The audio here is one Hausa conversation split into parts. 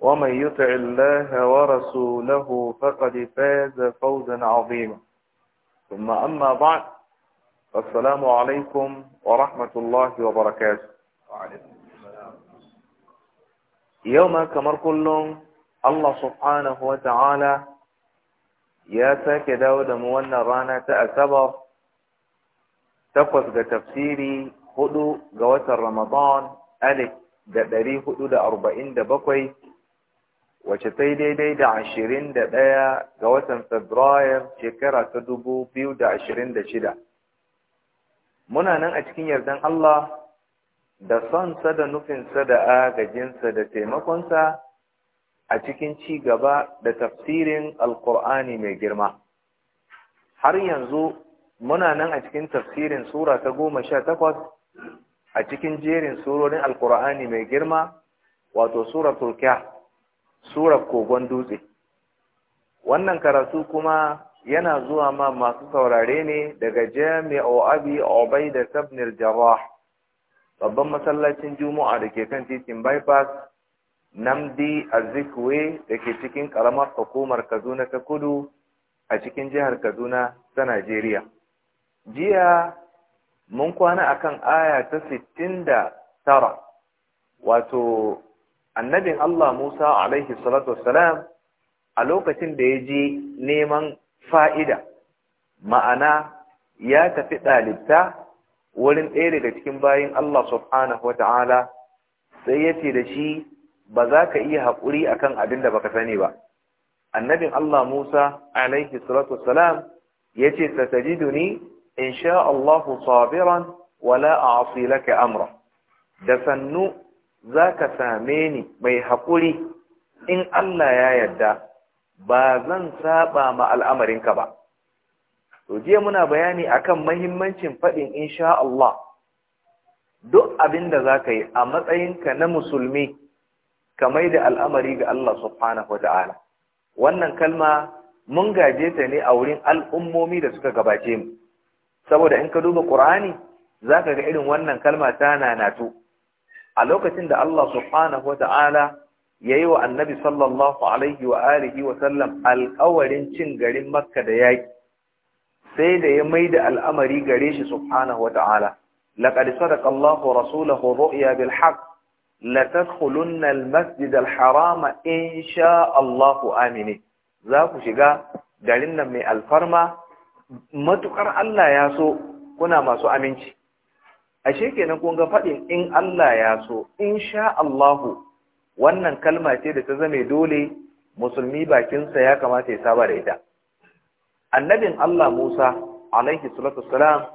ومن يطع الله ورسوله فقد فاز فوزا عظيما ثم أما بعد السلام عليكم ورحمة الله وبركاته يوم كمر كلهم الله سبحانه وتعالى يا ساك داود موانا رانا تأسبر تقف تفسيري خدو جوات رمضان ألف da ɗari hudu da arba'in da Wace ta yi daidai da ashirin da ɗaya ga watan Fabrair shekara ta dubu biyu da ashirin da shida. Muna nan a cikin yardan Allah da sonsa da nufinsa da agajinsa da taimakonsa a cikin ci gaba da tafsirin Alƙur'ani mai girma. Har yanzu muna nan a cikin tafsirin Sura ta goma sha takwas a cikin jerin surorin Alƙur'ani mai girma wato Suratul surar kogon dutse wannan karatu kuma yana zuwa ma masu saurare ne daga jami'o abi obai da sabnir jarrah babban masallacin juma'a da ke kan titin bypass namdi azikwe da ke cikin karamar hukumar kaduna ta kudu a cikin jihar kaduna ta najeriya jiya mun kwana akan aya ta sittin da tara wato annabin Allah Musa alaihi salatu wassalam a lokacin da ya je neman fa'ida ma'ana ya tafi ɗalibta wurin ɗaya daga cikin bayin Allah subhanahu wa ta'ala sai ya ce da shi ba za ka iya haƙuri a kan abin da baka sani ba annabin Allah Musa alaihi salatu wassalam ya ce satajiduni in sha Allahu sabiran wala a amra da sannu za ka same ni mai haƙuri in Allah ya yarda ba zan saba ma al'amarinka ba. To jiya muna bayani akan mahimmancin faɗin insha Allah duk abin da za ka yi a matsayinka na musulmi ka mai da al'amari ga Allah subhanahu wa ta'ala. Wannan kalma mun gaje ta ne a wurin al'ummomi da suka gabace mu. Saboda in ka duba Ƙur'ani za ka ga irin wannan kalma ta nanatu. a lokacin da Allah subhanahu wata'ala ya yi wa annabi sallallahu alaihi alƙawarin cin garin makka da yaƙi sai da ya mai da al’amari gare shi subhanahu wata'ala laƙar sadaƙa Allah wa rasulahu ro'iya bil haƙ la harama in sha amini zaku shiga garin nan mai alfarma matuƙar Allah ya so kuna masu aminci ashe kenan kun ga faɗin in Allah ya so in sha Allahu wannan kalma ce da ta zame dole musulmi bakinsa ya kamata ya saba da ita annabin Allah Musa alaihi salatu wassalam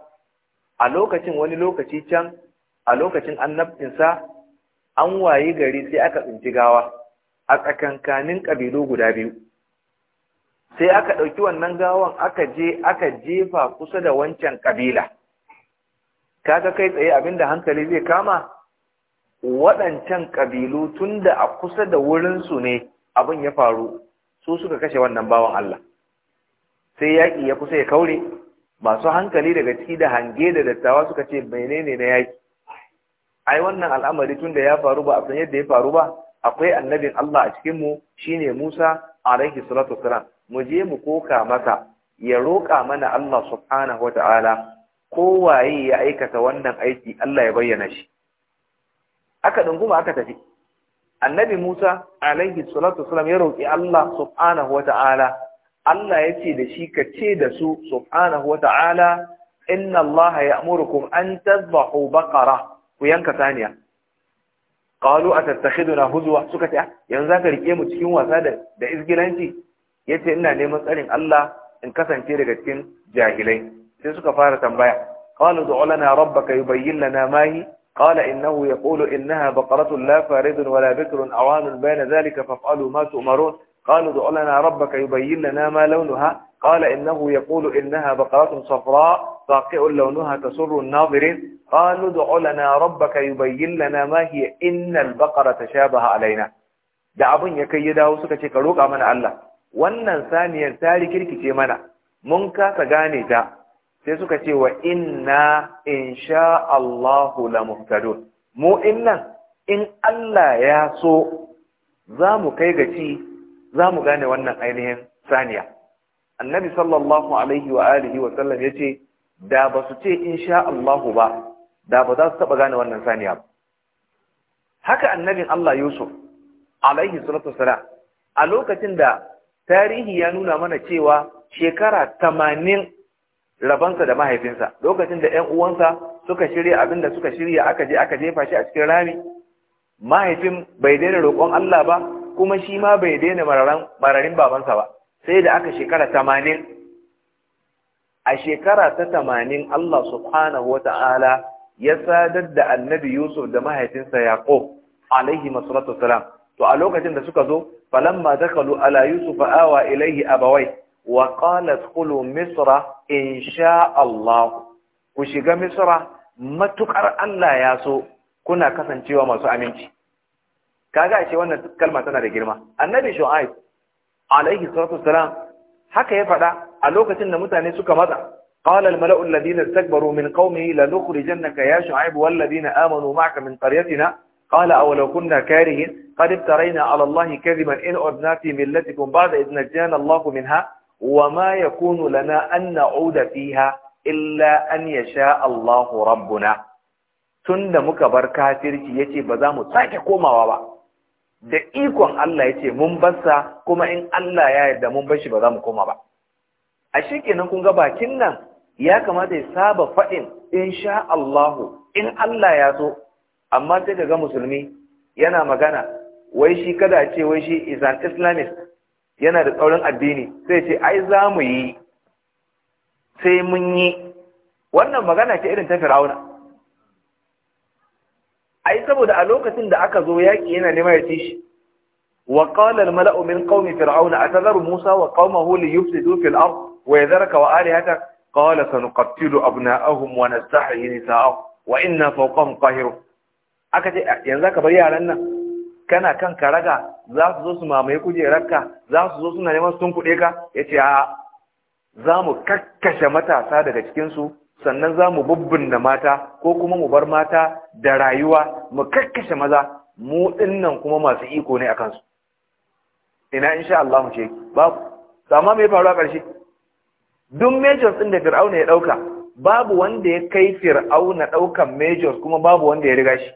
a lokacin wani lokaci can a lokacin sa an wayi gari sai aka tsinci gawa a tsakankanin ƙabilu guda biyu sai aka ɗauki wannan gawan aka je aka jefa kusa da wancan kabila kaga kai tsaye abinda hankali zai kama waɗancan ƙabilu tunda a kusa da wurinsu ne abin ya faru su suka kashe wannan bawan Allah sai yaƙi ya kusa ya kaure masu hankali daga ciki da hange da dattawa suka ce menene na yaƙi ai wannan al'amari tunda ya faru ba a san yadda ya faru ba akwai annabin Allah a cikin mu shine Musa alaihi salatu wassalam mu je mu koka masa ya roƙa mana Allah subhanahu ta'ala kowaye ya aikata wannan aiki Allah ya bayyana shi aka dunguma aka tafi annabi Musa alaihi salatu wasalam ya roki Allah subhanahu wataala Allah ya ce da shi ka ce da su subhanahu wataala inna Allah ya'murukum an tadhbahu baqara ku yanka saniya qalu atattakhiduna huzwa suka ce ah, yanzu zaka rike mu cikin wasa da da izgilanci yace ina neman tsarin Allah in kasance daga cikin jahilai sai suka fara tambaya qalu du'a lana rabbaka yubayyin lana ma hi qala innahu yaqulu innaha baqaratun la faridun wala bikrun awanun bayna dhalika faf'alu ma tu'marun qalu قالوا ادع لنا ربك يبين لنا ما لونها قال إنه يقول إنها بقرة صفراء فاقع لونها تسر الناظرين قالوا ادع لنا ربك يبين لنا ما هي إن baqara tashabaha alayna da abun ya kai dawo suka ce ka roka mana Allah wannan saniyar tari kirkice mana mun kasa gane ta sai suka ce wa inna insha Allahu la muhtadun mu innan in Allah ya so za mu kai ga ci za mu gane wannan ainihin saniya annabi sallallahu alaihi wa alihi wa sallam ya ce da ba su ce insha Allahu ba da ba za su taba gane wannan saniya ba haka annabin Allah Yusuf alaihi salatu wasalam a lokacin da tarihi ya nuna mana cewa shekara tamanin rabansa da mahaifinsa lokacin da ƴan uwansa suka shirya abin da suka shirya aka je aka jefa shi a cikin rami mahaifin bai daina roƙon Allah ba kuma shi ma bai daina mararin babansa ba sai da aka shekara tamanin a shekara ta tamanin Allah subhanahu wa ya sadar da annabi Yusuf da mahaifinsa Yaqub alaihi masallatu salam to a lokacin da suka zo falamma dakalu ala Yusuf awa ilaihi abawai wa qalat qulu misra insha Allah ku shiga misra matukar Allah ya so kuna kasancewa masu aminci kaga ce wannan kalma tana da girma annabi shu'aib alaihi salatu wassalam haka ya faɗa a lokacin da mutane suka matsa قال الملأ الذين استكبروا من قومه لنخرجنك يا شعيب والذين آمنوا معك من قريتنا قال أولو كنا كارهين قد افترينا على الله كذبا إن أبنا في ملتكم بعد إذ نجانا الله منها wa ma yakunu lana an na'uda fiha illa an yasha Allahu rabbuna tunda muka bar kafirci yace ba za mu sake komawa ba da ikon Allah yace mun barsa kuma in Allah ya yarda mun bar shi ba za mu koma ba a kenan kun ga bakin nan ya kamata ya saba faɗin insha Allahu in Allah ya so amma sai ga musulmi yana magana wai shi kada a ce wai shi is islamist yana da tsaurin addini sai ce ai za mu yi sai mun yi wannan magana ce irin ta firauna ai saboda a lokacin da aka zo yaƙi yana nema ya ci shi wa qala al-mala'u min qaumi fir'auna atadharu musa wa qaumahu li yufsidu fil ard wa yadhraka wa alihatak qala sanuqattilu abna'ahum wa nastahyi nisa'ahum wa inna fawqahum qahir aka ce yanzu ka bar yaran nan kana kan karaga za su zo su mamaye kujerarka za su zo suna neman sun kuɗe ka ya ce a za mu kakkashe matasa daga cikinsu sannan za mu bubbinna mata ko kuma mu bar mata da rayuwa mu kakkashe maza mu dinnan kuma masu iko ne a kansu ina insha Allah mu ce babu amma me faru a ƙarshe duk majors ɗin da fir'auna ya ɗauka babu wanda ya kai fir'auna ɗaukan majors kuma babu wanda ya riga shi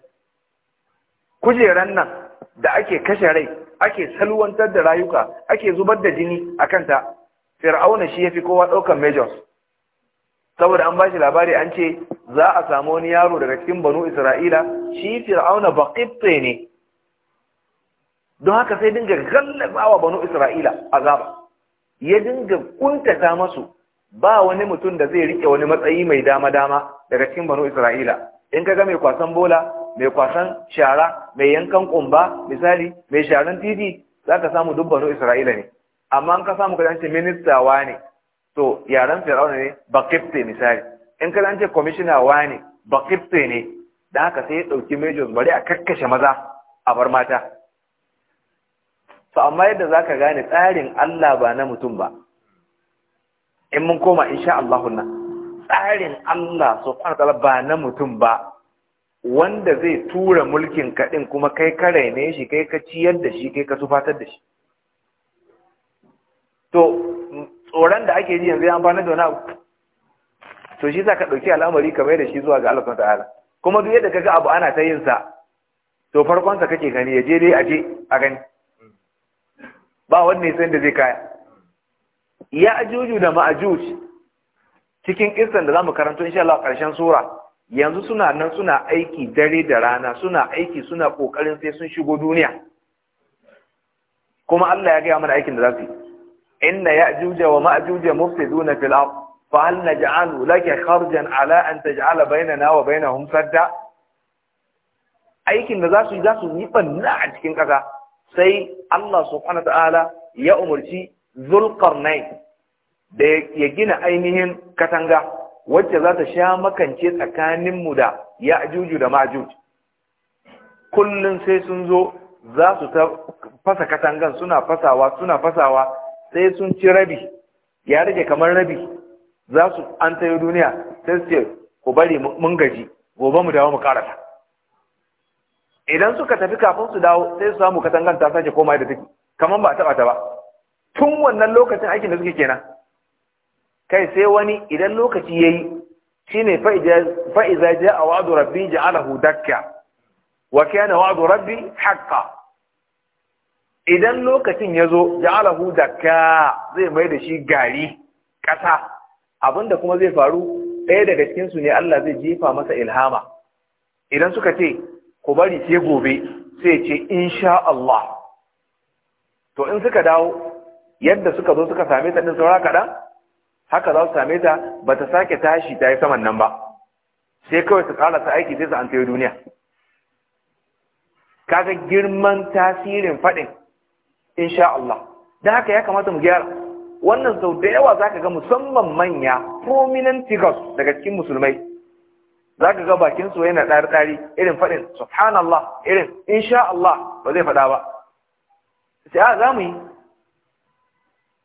kujeran nan da ake kashe rai ake salwantar da rayuka ake zubar da jini a kanta fir'auna shi ya fi kowa ɗaukar majors saboda an ba shi labari an ce za a samu wani yaro daga cikin banu isra'ila shi fir'auna baƙiɓe ne don haka sai dinga gallaba wa banu isra'ila a Zaba. ya dinga kuntata masu ba wani mutum da zai rike wani matsayi mai dama-dama daga cikin banu isra'ila in ka ga mai kwasan bola mai kwasan shara mai yankan kumba misali mai sharan titi za ka samu dubbanu isra'ila ne amma an ka samu ka zance minista wa ne to yaran fir'auna ne bakifte misali in ka zance ce wa ne bakifte ne da haka sai ya ɗauki majors bari a kakkashe maza a bar mata to amma yadda za ka gane tsarin Allah ba na mutum ba in mun koma insha Allah tsarin Allah su wa ba na mutum ba wanda zai tura mulkin kaɗin kuma kai ka raine shi kai ka ciyar da shi kai ka tufatar da shi to tsoron da ake ji yanzu ya amfani da wani abu to shi za ka ɗauki al'amari kamar da shi zuwa ga Allah ta'ala kuma duk yadda kaga abu ana ta yin sa to farkonsa kake gani ya je dai a je a gani ba wanne sai da zai kaya ya ajuju da ma'ajuj cikin kissan da zamu karanto insha Allah ƙarshen sura yanzu suna nan suna aiki dare da rana suna aiki suna kokarin sai sun shigo duniya kuma Allah ya gaya mana aikin da za su yi inna ya'juja wa ma'juja mufsiduna fil ardh fa hal naj'alu laka kharjan ala an taj'ala bainana wa bainahum sadda aikin da za su yi za su yi banna a cikin kasa sai Allah subhanahu ta'ala ya umurci zulqarnain da ya gina ainihin katanga wacce za ta sha makance tsakaninmu da ya ajuju da majuj kullum sai sun zo za su ta fasa katangan suna fasawa suna fasawa sai sun ci rabi ya rage kamar rabi za su an tayo duniya sai su ce ku bari mun gaji gobe mu dawo mu karata idan suka tafi kafin su dawo sai su samu katangan ta sake koma da take kamar ba a taba ta ba tun wannan lokacin aikin da suke kenan kai sai wani idan lokaci yayi shine fa iza jaa wa'du rabbi ja'alahu dakka wa kana wa'du rabbi haqqan idan lokacin yazo ja'alahu dakka zai mai da shi gari kasa abinda kuma zai faru ɗaya daga cikin su ne Allah zai jefa masa ilhama idan suka ce ku bari sai gobe sai ce insha Allah to in suka dawo yadda suka zo suka same ta din saura kaɗan haka za su same ta ba ta sake tashi ta yi saman nan ba sai kawai su ta aiki sai su an tayo duniya kaga girman tasirin faɗin insha Allah da haka ya kamata mu gyara wannan sau da yawa za ka ga musamman manya prominent figures daga cikin musulmai za ka ga bakin bakinsu yana ɗari-ɗari irin faɗin subhanallah irin insha Allah ba zai faɗa ba sai a za yi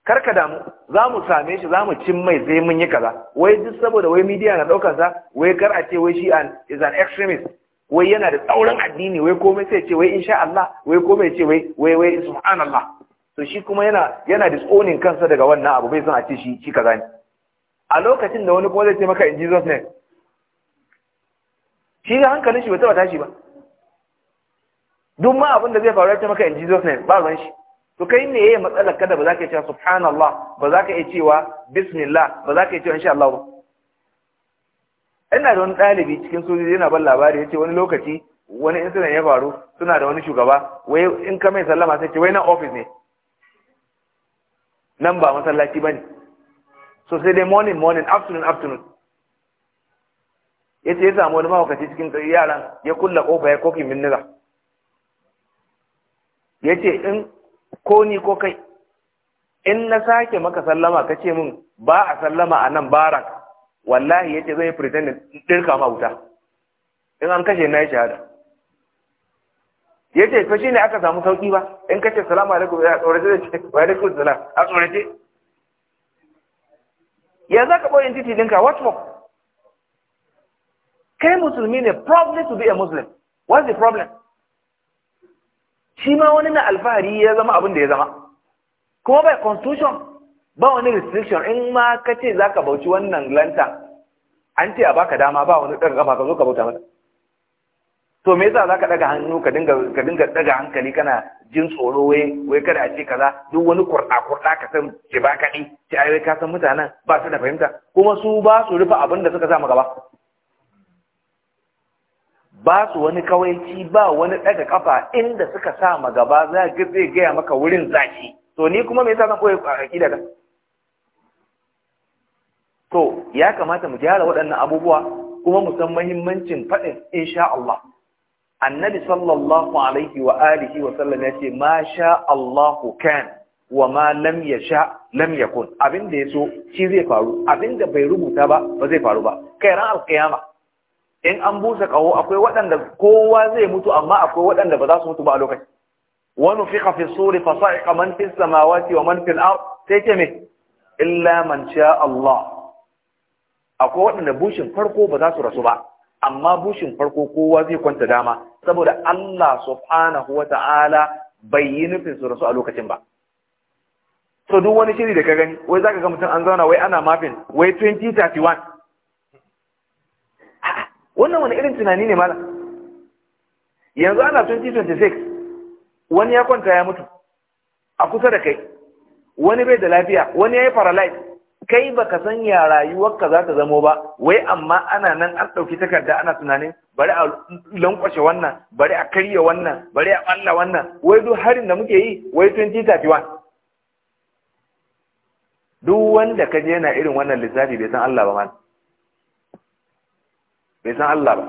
kar ka damu za mu same shi za mu cin mai sai mun yi kaza wai duk saboda wai media na ɗaukar sa wai kar a ce wai shi an is an extremist wai yana da tsaurin addini wai komai sai ce wai insha Allah wai komai ce wai wai wai subhanallah to shi kuma yana yana disowning kansa daga wannan abu bai san a ce shi shi kaza ne a lokacin da wani kuma zai ce maka in Jesus name shi ga hankalin shi bai taba tashi ba duk ma abin da zai faru ya ce maka in Jesus name ba ruwan shi to kai ne yayi matsalar kada ba za ka yi cewa subhanallah ba za ka yi cewa bismillah ba za ka yi cewa insha Allah ba ina da wani ɗalibi cikin sojoji yana ban labari ya ce wani lokaci wani incident ya faru suna da wani shugaba wai in ka mai sallama sai ce wai nan office ne nan ba masallaci ba ne so sai dai morning morning afternoon afternoon ya ce ya samu wani mawakaci cikin yaran ya kulla kofa ya kofi min yace ya ce in ko ni ko kai in na sake maka sallama ka ce min ba a sallama a nan barak wallahi ya ce zai pretend dirka ma wuta in an kashe na yi shahada ce to ne aka samu sauki ba in ka ce salamu alaikum ya tsorace da wa alaikum salam a tsorace ya za ka ɓoyin titi dinka what for kai musulmi ne probably to be a muslim what's the problem shi ma wani na alfahari ya zama abin da ya zama kuma bai constitution ba wani restriction in ma ka ce za ka bauci wannan lantan an ce a baka dama ba wani ɗaga kafa ka zo ka bauta mata to me yasa za ka ɗaga hannu ka dinga ka dinga ɗaga hankali kana jin tsoro wai wai kada a ce kaza duk wani kurɗa kurɗa ka san ce ba kaɗi ce ai ka san mutanen ba su da fahimta kuma su ba su rufe abin da suka sa mu gaba ba su wani kawaici ba wani ɗaga kafa inda suka sa ma gaba za ga zai gaya maka wurin zaki to ni kuma me yasa zan koyi aqida ka to ya kamata mu gyara waɗannan abubuwa kuma mu san muhimmancin faɗin insha Allah annabi sallallahu alaihi wa alihi wa sallam ya ce ma sha Allahu kan wa ma lam yasha lam yakun abin da yaso shi zai faru abin da bai rubuta ba ba zai faru ba kai ran alkiyama in an busa kaho akwai waɗanda kowa zai mutu amma akwai waɗanda ba za su mutu ba a lokaci wani fi kafin suri fasa'iƙa man fi samawati wa man a sai ce illa man sha Allah akwai waɗanda bushin farko ba za su rasu ba amma bushin farko kowa zai kwanta dama saboda Allah subhanahu wa ta'ala bai yi nufin su rasu a lokacin ba so duk wani shiri da ka gani wai za ka ga mutum an zauna wai ana mafin wai 2031 wannan wani irin tunani ne malam yanzu ana 2026 wani ya kwanta ya mutu a kusa da kai wani bai da lafiya wani ya yi paralyze kai ba ka san ya rayuwarka za ta zamo ba wai amma ana nan an ɗauki takarda ana tunanin bari a lankwashe wannan bari a karya wannan bari a ɓalla wannan wai duk harin da muke yi wai 2031 duk wanda ka je yana irin wannan lissafi bai san Allah ba mana bai san Allah ba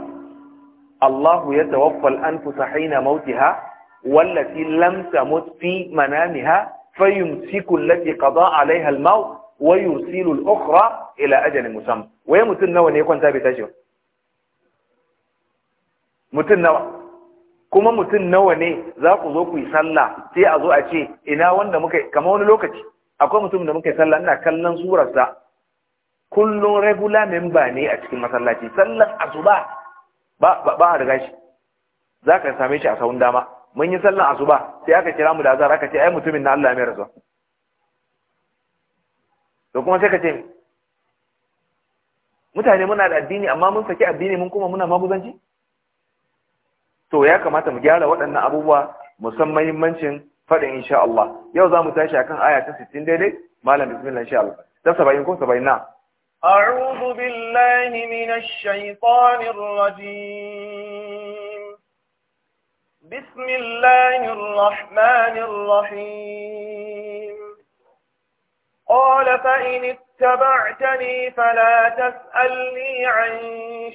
Allahu ya tawaffal anfusa hina mautiha wallafi lam tamut fi manamiha fayumsiku allati qada alaiha al wa yursilu al-ukhra ila ajalin musamman. waye mutum nawa ne kwanta bai tashi mutun nawa kuma mutum nawa ne za ku zo ku yi sallah sai a zo a ce ina wanda muka kama wani lokaci akwai mutum da muka yi sallah ina kallon surarsa kullum regular member ne a cikin masallaci sallan asuba ba ba a riga shi za ka same shi a sahun dama mun yi sallan asuba sai aka kira mu da azar aka ce ai mutumin na Allah ya mai rasuwa to kuma sai ka ce mutane muna da addini amma mun saki addini mun kuma muna maguzanci to ya kamata mu gyara waɗannan abubuwa musamman muhimmancin faɗin insha Allah yau za mu tashi akan aya ta 60 daidai malam bismillah insha Allah ta 70 ko 70 na أعوذ بالله من الشيطان الرجيم بسم الله الرحمن الرحيم قال فإن اتبعتني فلا تسألني عن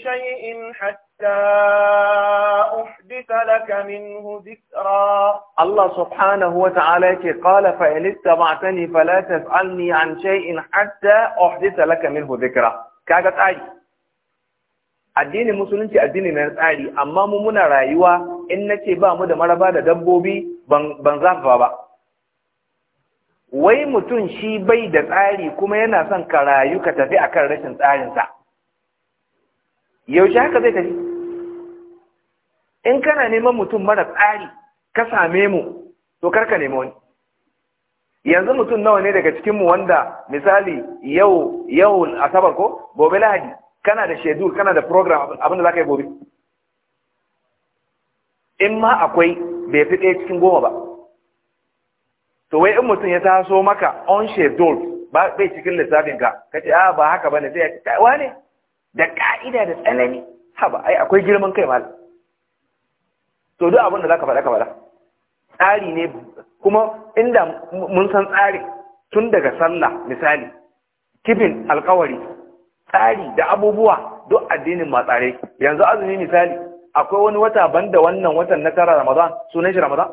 شيء حتى Allah أحدث لك منه ذكرا الله سبحانه وتعالى قال فإن اتبعتني فلا تسألني عن شيء حتى أحدث لك منه ذكرا كاغا tsari? addinin musulunci addini na tsari amma mu muna rayuwa in nace ba mu da maraba da dabbobi ban zafa ba wai mutum shi bai da tsari kuma yana son ka rayu ka tafi akan rashin tsarinsa yaushe haka zai tafi in kana neman mutum mara tsari ka same mu to karka nemi wani yanzu mutum nawa ne daga cikinmu wanda misali yau yau asabar ko gobe lahadi kana da schedule kana da program abinda za ka yi gobe in ma akwai bai fi ɗaya cikin goma ba to wai in mutum ya taso maka on schedule ba bai cikin lissafinka ka ce ah, ba haka ba ne sai ya ce ne da ka'ida da tsanani haba ai akwai girman kai malam to duk abin da za ka faɗa ka faɗa tsari ne kuma inda mun san tsari tun daga sallah misali kifin alkawari tsari da abubuwa duk addinin ma tsare yanzu azumi misali akwai wani wata banda wannan watan na tara ramadan sunan shi ramadan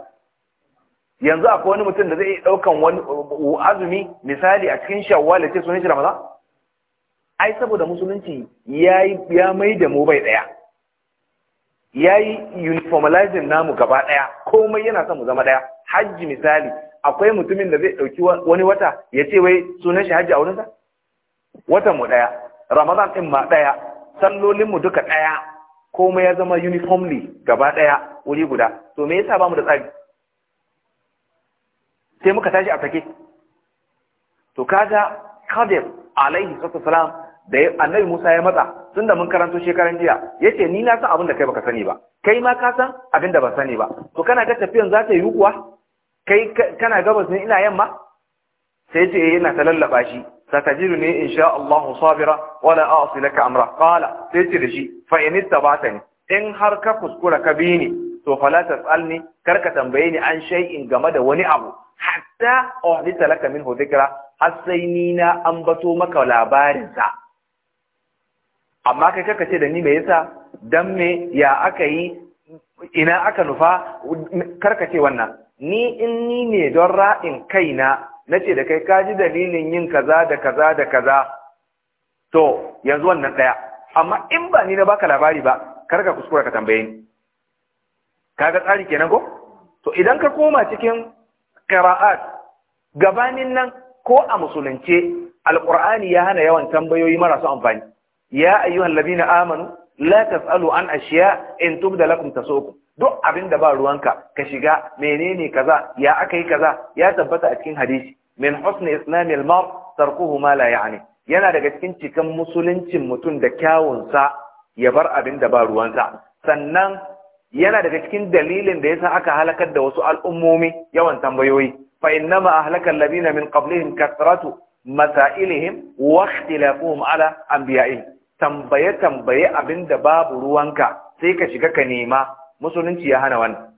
yanzu akwai wani mutum da zai iya ɗaukan wani azumi misali a cikin shawwal ce sunan shi ramadan ai saboda musulunci ya ya mai da mu bai ɗaya ya yi uniformalizing namu gaba ɗaya komai yana son mu zama ɗaya hajji misali akwai mutumin da zai ɗauki wani wata ya ce wai sunan shi hajji a wurinsa watan mu ɗaya ramadan ɗin ma ɗaya sallolin mu duka ɗaya komai ya zama uniformly gaba ɗaya wuri guda to me yasa bamu da tsari sai muka tashi a sake to kaga kadir alaihi sallallahu alaihi da annabi Musa ya matsa tunda mun karanto shekaran jiya yace ni na san abin da kai baka sani ba kai ma ka san abin da ban sani ba to kana ga tafiyan za ta yi kuwa kai kana gabas ne ina yamma sai yace yana eh, ta lallaba shi satajiduni insha Allah sabira wala a'si laka amra qala sai yace da shi fa in tabatani in har ka kuskura ka bi ni to fala tasalni kar ka tambaye ni an shay'in game da wani abu hatta uhdita laka minhu dhikra har sai ni na ambato maka labarin sa amma kai kaka ce da ni me yasa dan me ya aka yi ina aka nufa karka ce wannan ni in ni ne don ra'in kaina nace da kai kaji dalilin yin kaza da kaza da kaza to yanzu wannan daya amma in ba ni na baka labari ba karka kuskura ka tambaye ni kaga tsari kenan ko to idan ka koma cikin qira'at gabanin nan ko a musulunce alqur'ani ya hana yawan tambayoyi marasu amfani ya ayyuhan ladina amanu la tasalu an ashiya in tubda lakum tasukum duk abin da ba ruwanka ka shiga menene kaza ya aka yi kaza ya tabbata a cikin hadisi min husni islami al-mar tarkuhu ma la ya'ni yana daga cikin cikan musuluncin mutum da kyawun sa ya bar abin da ba ruwansa sannan yana daga cikin dalilin da yasa aka halakar da wasu al'ummomi yawan tambayoyi fa innama ahlaka alladhina min qablihim kathratu masailihim wa ikhtilafuhum ala anbiya'ihim tambaye-tambaye abin da babu ruwanka sai ka shiga ka nema musulunci ya hana wannan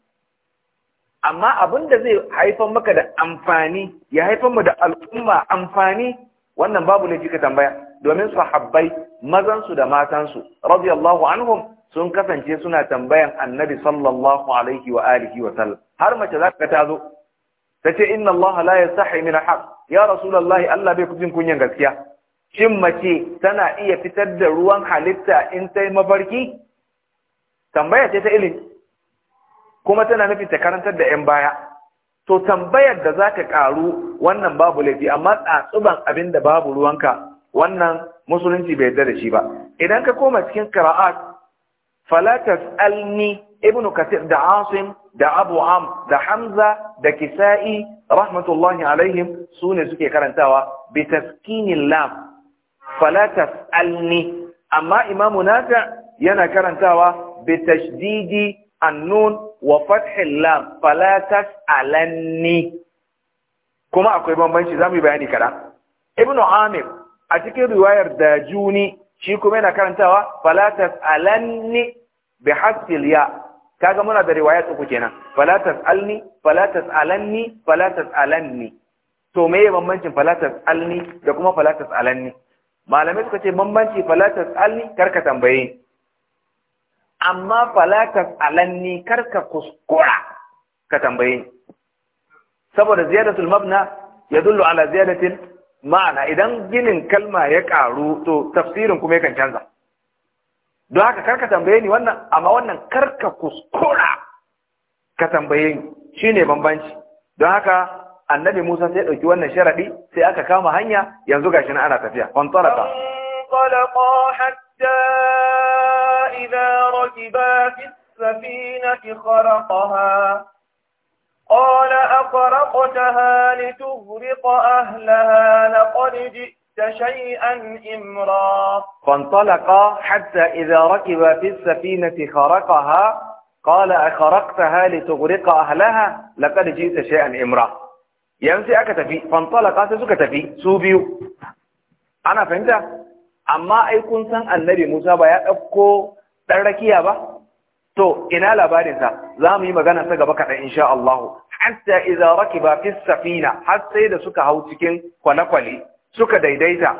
amma abin da zai haifar maka da amfani ya haifar mu da al'umma amfani wannan babu laifi ka tambaya domin sahabbai mazansu da matansu radiyallahu anhum sun kasance suna tambayan annabi sallallahu alaihi wa alihi wa sallam har mace za ta zo ta ce inna allaha la yastahi min haq, ya rasulullahi allah bai kujin kunyan gaskiya shin mace tana iya fitar da ruwan halitta in ta yi mafarki tambaya ce ta ilimi kuma tana nufi ta karantar da 'yan baya to tambayar da za ka ƙaru wannan babu laifi amma tsatsuban abin da babu ruwanka wannan musulunci bai yadda da shi ba idan ka koma cikin kara'at Falatas, alni ibnu katir da asim da abu am da hamza da kisa'i rahmatullahi alaihim ne suke karantawa bi taskinin lam Falatas Alni, amma imamu Nata yana karantawa bi tashdidi annun wa fathil lam fala kuma akwai bambanci zamu yi bayani kada ibnu amir a cikin riwayar da juni, shi kuma yana karantawa Falatas Alanni. bi hasil ya kaga muna da riwaya uku kenan Falatas alni Falatas Alanni. fala tas'alanni to meye bambancin Falatas Alni da kuma Falatas Alanni? malamai suka ce bambanci falatas alni karka tambaye amma falatas alanni karka kuskura ka tambaye saboda ziyadatul mabna yadullu ala ziyadatin ma'ana idan ginin kalma ya karu to tafsirin kuma yakan canza don haka karka tambaye ni wannan amma wannan karka kuskura ka tambaye shine bambanci don haka annabi Musa sai dauki wannan sharadi sai aka kama hanya yanzu gashi na ana tafiya on taraka qalqa hatta idha rakiba fi safinati kharaqaha قال أقرقتها لتغرق أهلها لقد جئت شيئا إمرا فانطلقا hatta idha rakiba fi safinati kharaqaha قال أخرقتها لتغرق أهلها لقد جئت شيئا إمرا yanzu sai aka tafi fantalaka sai suka tafi su biyu ana fahimta amma ai kun san annabi Musa ba ya ɗauko ɗan rakiya ba to ina labarinsa za mu yi magana ta gaba kaɗan insha Allah hatta idza rakiba fi safina har sai da suka hau cikin kwale-kwale suka daidaita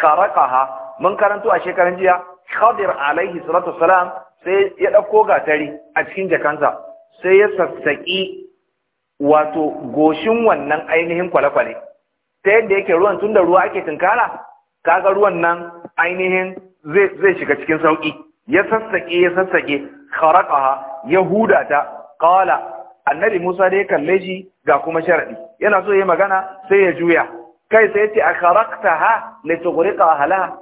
kharaqaha mun karanto a shekaran jiya Khadir alaihi salatu salam sai ya ɗauko gatari a cikin jakansa sai ya sassaƙi wato goshin wannan ainihin kwale-kwale ta yadda yake ruwan tun da ruwa ake tunkara kaga ruwan nan ainihin zai shiga cikin sauƙi. ya sassaƙe ya sassaƙe kharaqaha ya huda ta qala annabi Musa da ya kalle shi ga kuma sharaɗi. yana so yayi magana sai ya juya kai sai yace akharaqtaha litughriqa ahliha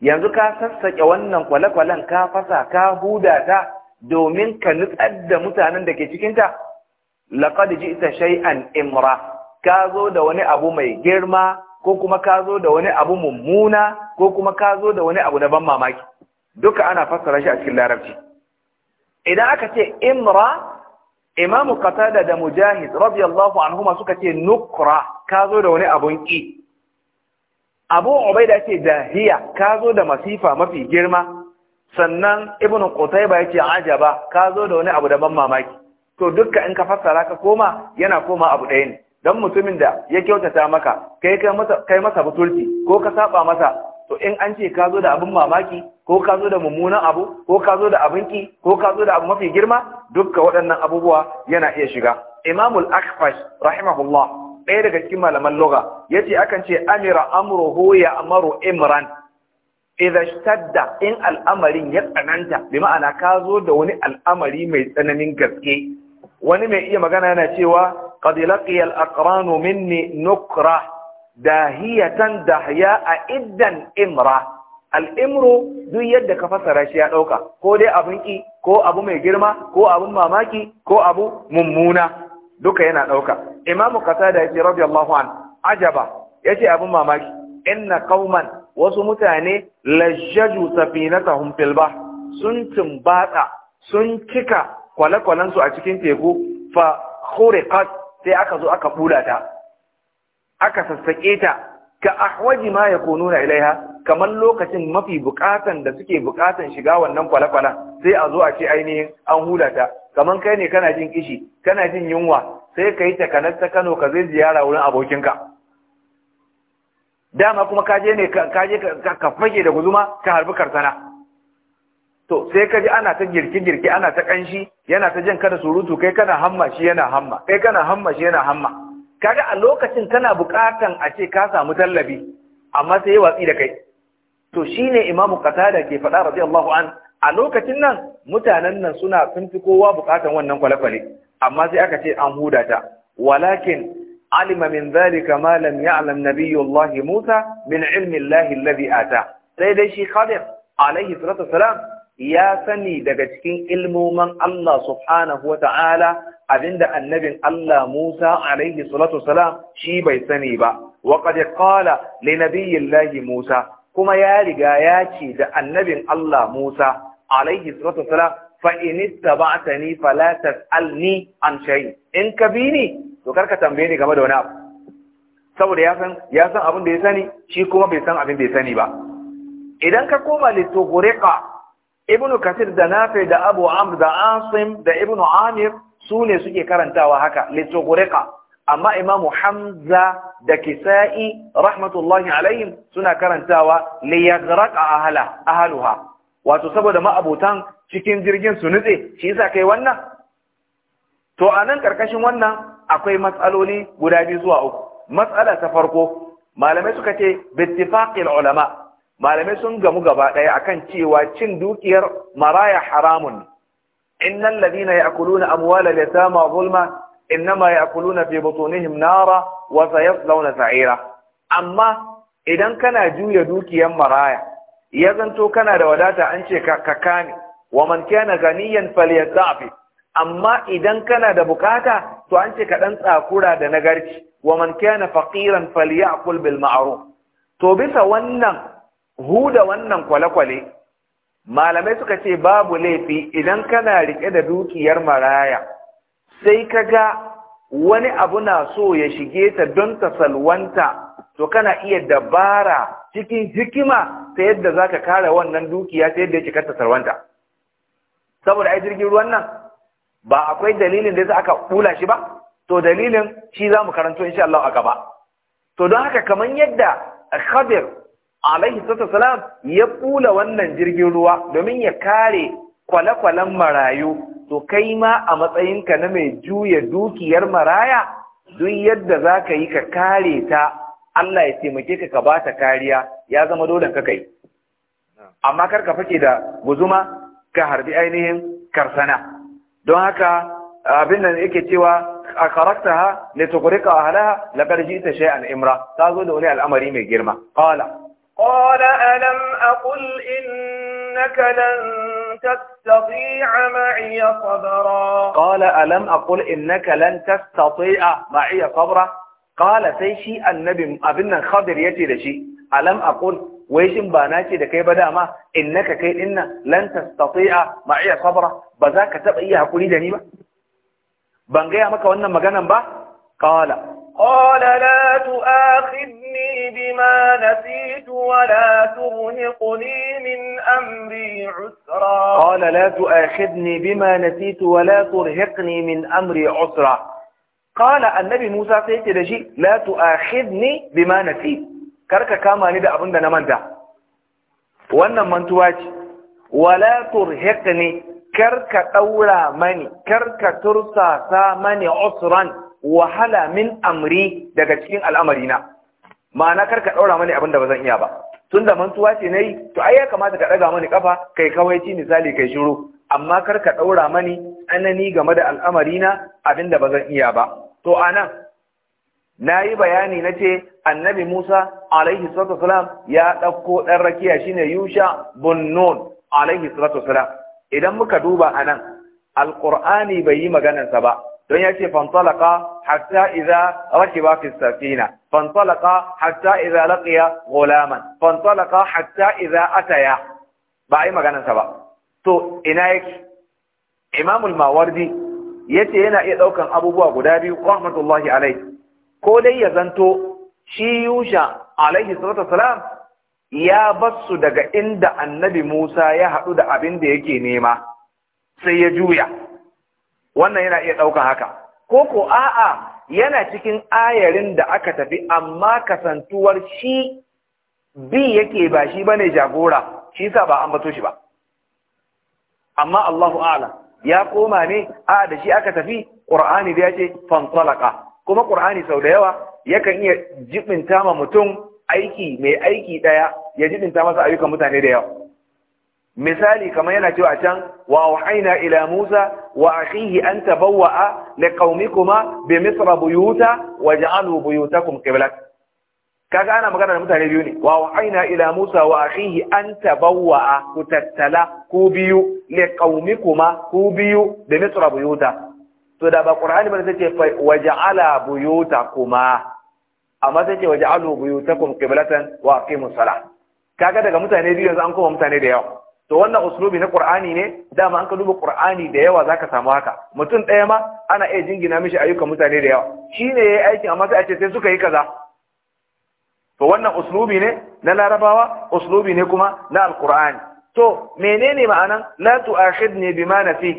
yanzu ka sassaƙe wannan kwale-kwalen ka fasa ka huda ta domin ka nutsar da mutanen da ke cikinta laqad ji'ta shay'an imra ka zo da wani abu mai girma ko kuma ka zo da wani abu mummuna ko kuma ka zo da wani abu na ban mamaki duka ana fassara shi a cikin larabci idan aka ce imra imamu qatada da mujahid radiyallahu anhuma suka ce nukra ka zo da wani abun ki abu ubaida ce dahiya ka zo da masifa mafi girma sannan ibnu qutayba yace ajaba ka zo da wani abu da ban mamaki to dukka in ka fassara ka koma yana koma abu ɗaya ne Don mutumin da ya kyautata maka kai kai masa kai butulci ko ka saba masa to in an ce ka zo da abin mamaki ko ka zo da mummunan abu ko ka zo da abin ki ko ka zo da abu mafi girma dukka waɗannan abubuwa yana iya shiga imamul akfash rahimahullah ɗaya daga cikin malaman ya ce akan ce amira amruhu ya amaru imran idza shtadda in al'amarin ya tsananta bi ma'ana ka zo da wani al'amari mai tsananin gaske wani mai iya magana yana cewa qad laqiya al-aqranu minni nukra dahiyatan haya a iddan imra al'imru duk yadda ka fasara shi ya ɗauka ko dai abin ƙi ko abu mai girma ko abin mamaki ko abu mummuna duka yana ɗauka imamu kasa da yake radiyallahu an ajaba ya ce abin mamaki inna kauman wasu mutane lajjaju safinatahum fil bahr sun tumbatsa sun cika kwale su a cikin teku fa khuriqat sai aka zo aka bula ta aka sassake ta ka ahwaji ma yakununa ilaiha kamar lokacin mafi bukatan da suke bukatan shiga wannan kwale-kwalen sai a zo a ce ainihin an hula ta kamar kai ne kana jin kishi kana jin yunwa sai ka yi ta Kano ka zai ziyara wurin abokinka dama kuma ka je ne ka ka fage da guzuma ka harbi karsana to sai ka ji ana ta girki-girki ana ta ƙanshi yana ta jin kada surutu kai kana hamma shi yana hamma kai kana hamma shi yana hamma kaga a lokacin kana buƙatan a ce ka samu tallabi amma sai ya watsi da kai to shine imamu qatada ke faɗa radiyallahu an a lokacin nan mutanen nan suna sun fi kowa buƙatan wannan kwale-kwale amma sai aka ce an huda ta walakin alima min zalika ma lam ya'lam nabiyullahi Musa min ilmi Allah alladhi ata sai dai shi Khadir alaihi salatu wassalam ya sani daga cikin ilmoman Allah subhanahu wata'ala abinda annabin Allah Musa alaihi salatu salam shi bai sani ba wa qad qala li nabiyillahi Musa kuma ya riga ya ce da annabin Allah Musa alaihi salatu salam fa in ittaba'tani fala tas'alni an shay in ka bi ni to karka tambaye ni game da wani abu saboda ya san ya san abin da ya sani shi kuma bai san abin da ya sani ba idan ka koma litogoreka ibn kathir da nafi da abu amr da asim da ibn amir su ne suke karantawa haka litogoreka amma imamu hamza da kisa'i rahmatullahi alayhim suna karantawa liyagraka ahala ahaluha wato saboda ma'abutan cikin jirgin su nutse shi yasa kai wannan to anan karkashin wannan akwai matsaloli guda biyu zuwa uku matsala ta farko malamai suka ce bittifaqil ulama malamai sun gamu gaba ɗaya akan cewa cin dukiyar maraya haramun innal ladina ya'kuluna amwala al-yatama zulma innama na fi butunihim nara wa sayaslawna sa'ira amma idan kana juya dukiyar maraya ya zanto kana da wadata an ce ka kame wa man kana ganiyan falyasafi amma idan kana da bukata to an ce ka dan tsakura da nagarci wa man kana faqiran falyakul bil ma'ruf to bisa wannan huda wannan kwale-kwale malamai suka ce babu laifi idan kana rike da dukiyar maraya sai ka ga wani abu na so ya shige ta don ta salwanta to kana iya dabara cikin hikima ta yadda za ka kare wannan dukiya ta yadda ya cika ta salwanta saboda ai jirgin ruwan nan ba akwai dalilin da ya aka kula shi ba to dalilin shi za mu karanto insha Allah a gaba to don haka kamar yadda khabir alaihi salam ya kula wannan jirgin ruwa domin ya kare kwale-kwalen marayu to kai ma a matsayinka na mai juya dukiyar maraya duk yadda za ka yi ka kare ta Allah ya taimake ka ka ba ta kariya ya zama dole ka kai amma kar ka fake da guzuma ka harbi ainihin karsana don haka abin nan yake cewa a karakta ha ne tukuri ka ahalaha labar ji ta shay'an imra ta zo da wani al'amari mai girma قال ألم أقل إنك لن تستطيع معي صبرا قال ألم أقل إنك لن تستطيع معي صبرا قال سيشي النبي أبنا خضر يتي لشي ألم أقل ويشن باناتي لكي بدا ما إنك كي إن لن تستطيع معي صبرا بذاك تبقي هكولي دنيبا بانجي أمك وأنا مجانا با قال قال لا تؤاخذني تؤاخذني بما نسيت ولا ترهقني من أمري عسرا قال لا تؤاخذني بما نسيت ولا ترهقني من أمري عسرا قال النبي موسى سيتي دشي لا تؤاخذني بما نسيت كركا كما ندى أبن دنا منتا wannan mantuwa ce wala turhiqni karka daura mani karka tursasa mani usran wahala min amri daga cikin الأمرين ma'ana kar ka ɗaura mani abin da ba zan iya ba tun da mantuwa ce na yi to ai ya kamata ka ɗaga mani kafa kai kawai ci misali kai shiru amma kar ka ɗaura mani tsanani game da al'amari na abin da ba zan iya ba to anan nayi bayani na ce annabi musa alaihi salatu wasalam ya ɗauko ɗan rakiya shine yusha bin nun alaihi salatu wasalam idan muka duba anan alƙur'ani bai yi maganarsa ba don ya ce fantalaka hatta idza rakiba fi safina fantalaka hatta idza laqiya ghulaman fantalaka hatta idza ataya ba ai maganar sa ba to ina yake Imam al-Mawardi yace yana iya daukan abubuwa guda biyu rahmatullahi alaihi ko dai ya zanto shi Yusha alaihi salatu wasalam ya basu daga inda Annabi Musa ya hadu da abin da yake nema sai ya juya wannan yana iya ɗaukan haka ko ko a'a yana cikin ayarin da aka tafi amma kasantuwar shi bi yake ba shi ba ne jagora shi sa ba an bato shi ba amma Allahu a'lam ya koma ne a da shi aka tafi ƙur'ani da ce fantalaka kuma ƙur'ani sau da yawa yakan iya jibinta ma mutum aiki mai aiki ɗaya, ya jibinta masa ayyukan mutane da yawa misali kamar yana cewa can wa auhayna ila Musa wa akhihi an tabawwa'a liqaumikuma bi Misra buyuta waj'alu buyutakum qiblat kaga ana magana da mutane biyu ne wa auhayna ila Musa wa akhihi an tabawwa'a ku tattala ku biyu liqaumikuma ku biyu bi Misra buyuta to da ba Qur'ani ba sai ce waj'ala buyutakuma amma sai ce waj'alu buyutakum qiblatan wa aqimus salah kaga daga mutane biyu yanzu an koma mutane da yawa to wannan uslubi na qur'ani ne dama an ka duba qur'ani da yawa zaka samu haka mutum ɗaya ma ana iya jingina mishi ayyukan mutane da yawa shine yayi aikin amma sai a ce sai suka yi kaza to wannan uslubi ne na larabawa uslubi ne kuma na alqur'ani to menene ma'anan la tu'akhidni bima nafi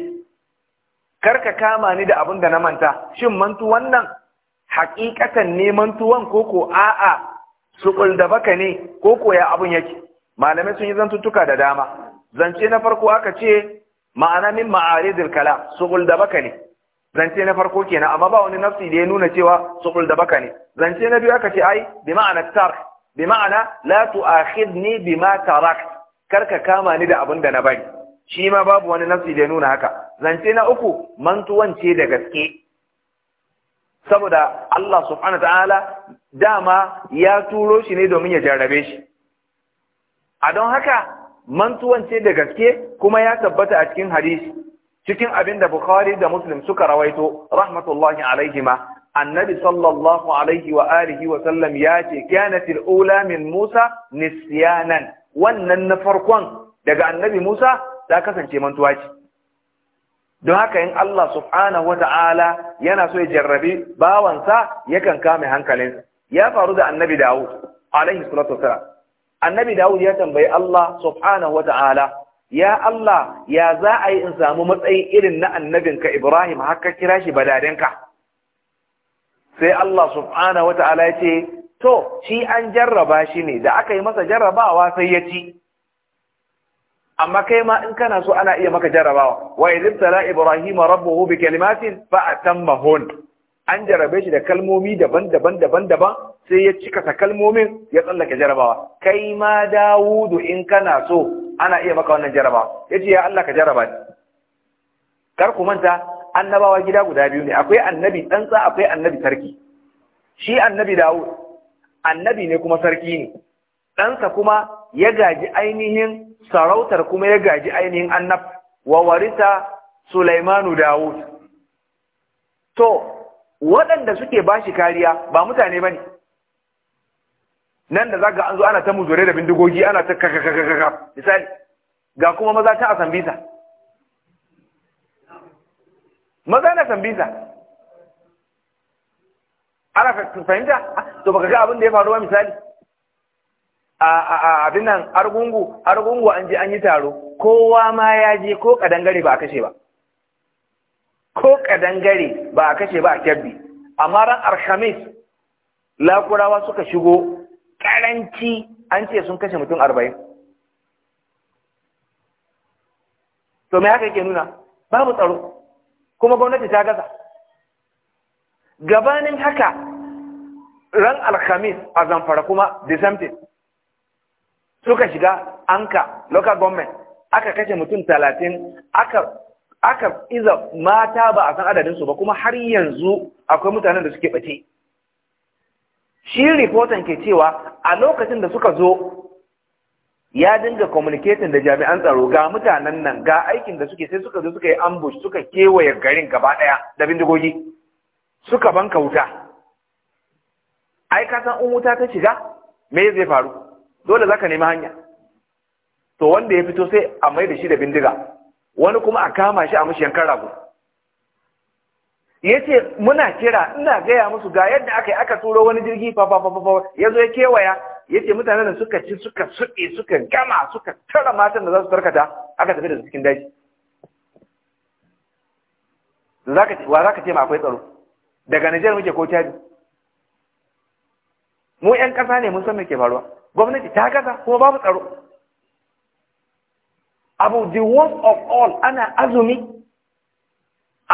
ka kama ni da abin da na manta shin mantu wannan hakikatan ne mantuwan koko a'a su da baka ne koko ya abun yake malamai sun yi zantuttuka da dama zance na farko aka ce ma'ana min ma'aridil kala suqul da baka ne zance na farko kenan amma ba wani nafsi da ya nuna cewa suqul da baka ne zance na biyu aka ce ai bi ma'ana tar bi ma'ana la tu'akhidni bima tarakt karka kama ni da abin da na bari shi ma babu wani nafsi da ya nuna haka zance na uku mantuwance da gaske saboda Allah subhanahu ta'ala dama ya turo shi ne domin ya jarrabe shi a don haka mantuwan ce da gaske kuma ya tabbata a cikin hadisi cikin abin da Bukhari da Muslim suka rawaito rahmatullahi alaihima annabi sallallahu alaihi wa alihi wa sallam ya ce kanat ula min Musa nisyanan wannan na farkon daga annabi Musa ta kasance mantuwa ce don haka in Allah subhanahu wata'ala yana so ya jarrabi bawansa yakan kame hankalinsa ya faru da annabi Dawud alaihi salatu wasallam annabi Dawud ya tambayi Allah subhanahu wa ta'ala ya Allah ya za a yi in samu matsayi irin na annabinka Ibrahim haka kira shi badadenka sai Allah subhanahu wa ta'ala ya ce to shi an jarraba shi ne da aka yi masa jarrabawa sai ya ci amma kai ma in kana so ana iya maka jarrabawa wa idh tala ibrahima rabbuhu bi kalimatin fa atammahun an jarrabe shi da kalmomi daban-daban daban-daban sai ya cika ta kalmomin ya tsallake jarabawa kai ma dawudu in kana so ana iya maka wannan jaraba ya ce ya Allah ka jaraba ni kar ku manta annabawa gida guda biyu ne akwai annabi tsantsa akwai annabi sarki shi annabi dawud annabi ne kuma sarki ne ɗansa kuma ya gaji ainihin sarautar kuma ya gaji ainihin annab wa warisa sulaimanu dawud to waɗanda suke bashi kariya ba mutane ba ne nan da zaka an zo ana ta muzure da bindigogi ana ta kakakakaka misali ga kuma maza ta a maza na sambisa ana fahimta to baka ga abin da ya faru ba misali a abin nan argungu argungu an je an yi taro kowa ma ya je ko kadangare ba a kashe ba ko kadangare ba a kashe ba a kyabbi amma ran alhamis lakurawa suka shigo karanci an ce sun kashe mutum arba'in to me haka yake nuna babu tsaro kuma gwamnati ta gaza gabanin haka ran alhamis a zamfara kuma disamtin suka shiga anka local government aka kashe mutum talatin aka aka iza mata ba a san adadinsu ba kuma har yanzu akwai mutanen da suke ɓace shi reportan ke cewa a lokacin da suka zo ya dinga communicating da jami'an tsaro ga mutanen nan ga aikin da suke sai suka zo suka yi ambush suka kewaye garin gaba daya da bindigogi suka banka wuta ai ka san in wuta ta shiga me zai faru dole za ka nemi hanya to wanda ya fito sai a mai da shi da bindiga wani kuma a kama shi a mashi yankan rago ya ce muna kira ina gaya musu ga yadda aka yi aka turo wani jirgi fafafafafa ya zo ya kewaya ya ce mutanen da suka ci suka suɗe suka gama suka tara matan da za su tarkata aka tafi da su cikin daji wa za ka ce ma akwai tsaro daga Nijar muke ko Chadi mu 'yan ƙasa ne mun san me ke faruwa gwamnati ta kasa kuma babu tsaro abu the worst of all ana azumi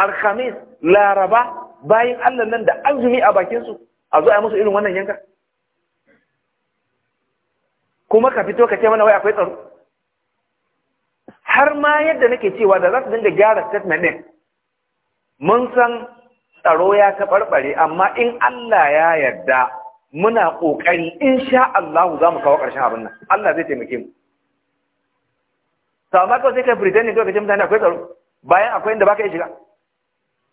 alhamis laraba bayan allah nan da azumi a bakinsu a zo a musu irin wannan yanka kuma ka fito ka ce mana wai akwai tsaro har ma yadda nake cewa da za su dinga gyara statement ɗin mun san tsaro ya taɓarɓare amma in Allah ya yarda muna ƙoƙari in sha Allah za mu kawo ƙarshen abin nan Allah zai taimake mu to amma kawai sai ka pretend ne kawai ka ce mutane akwai tsaro bayan akwai inda baka yi shiga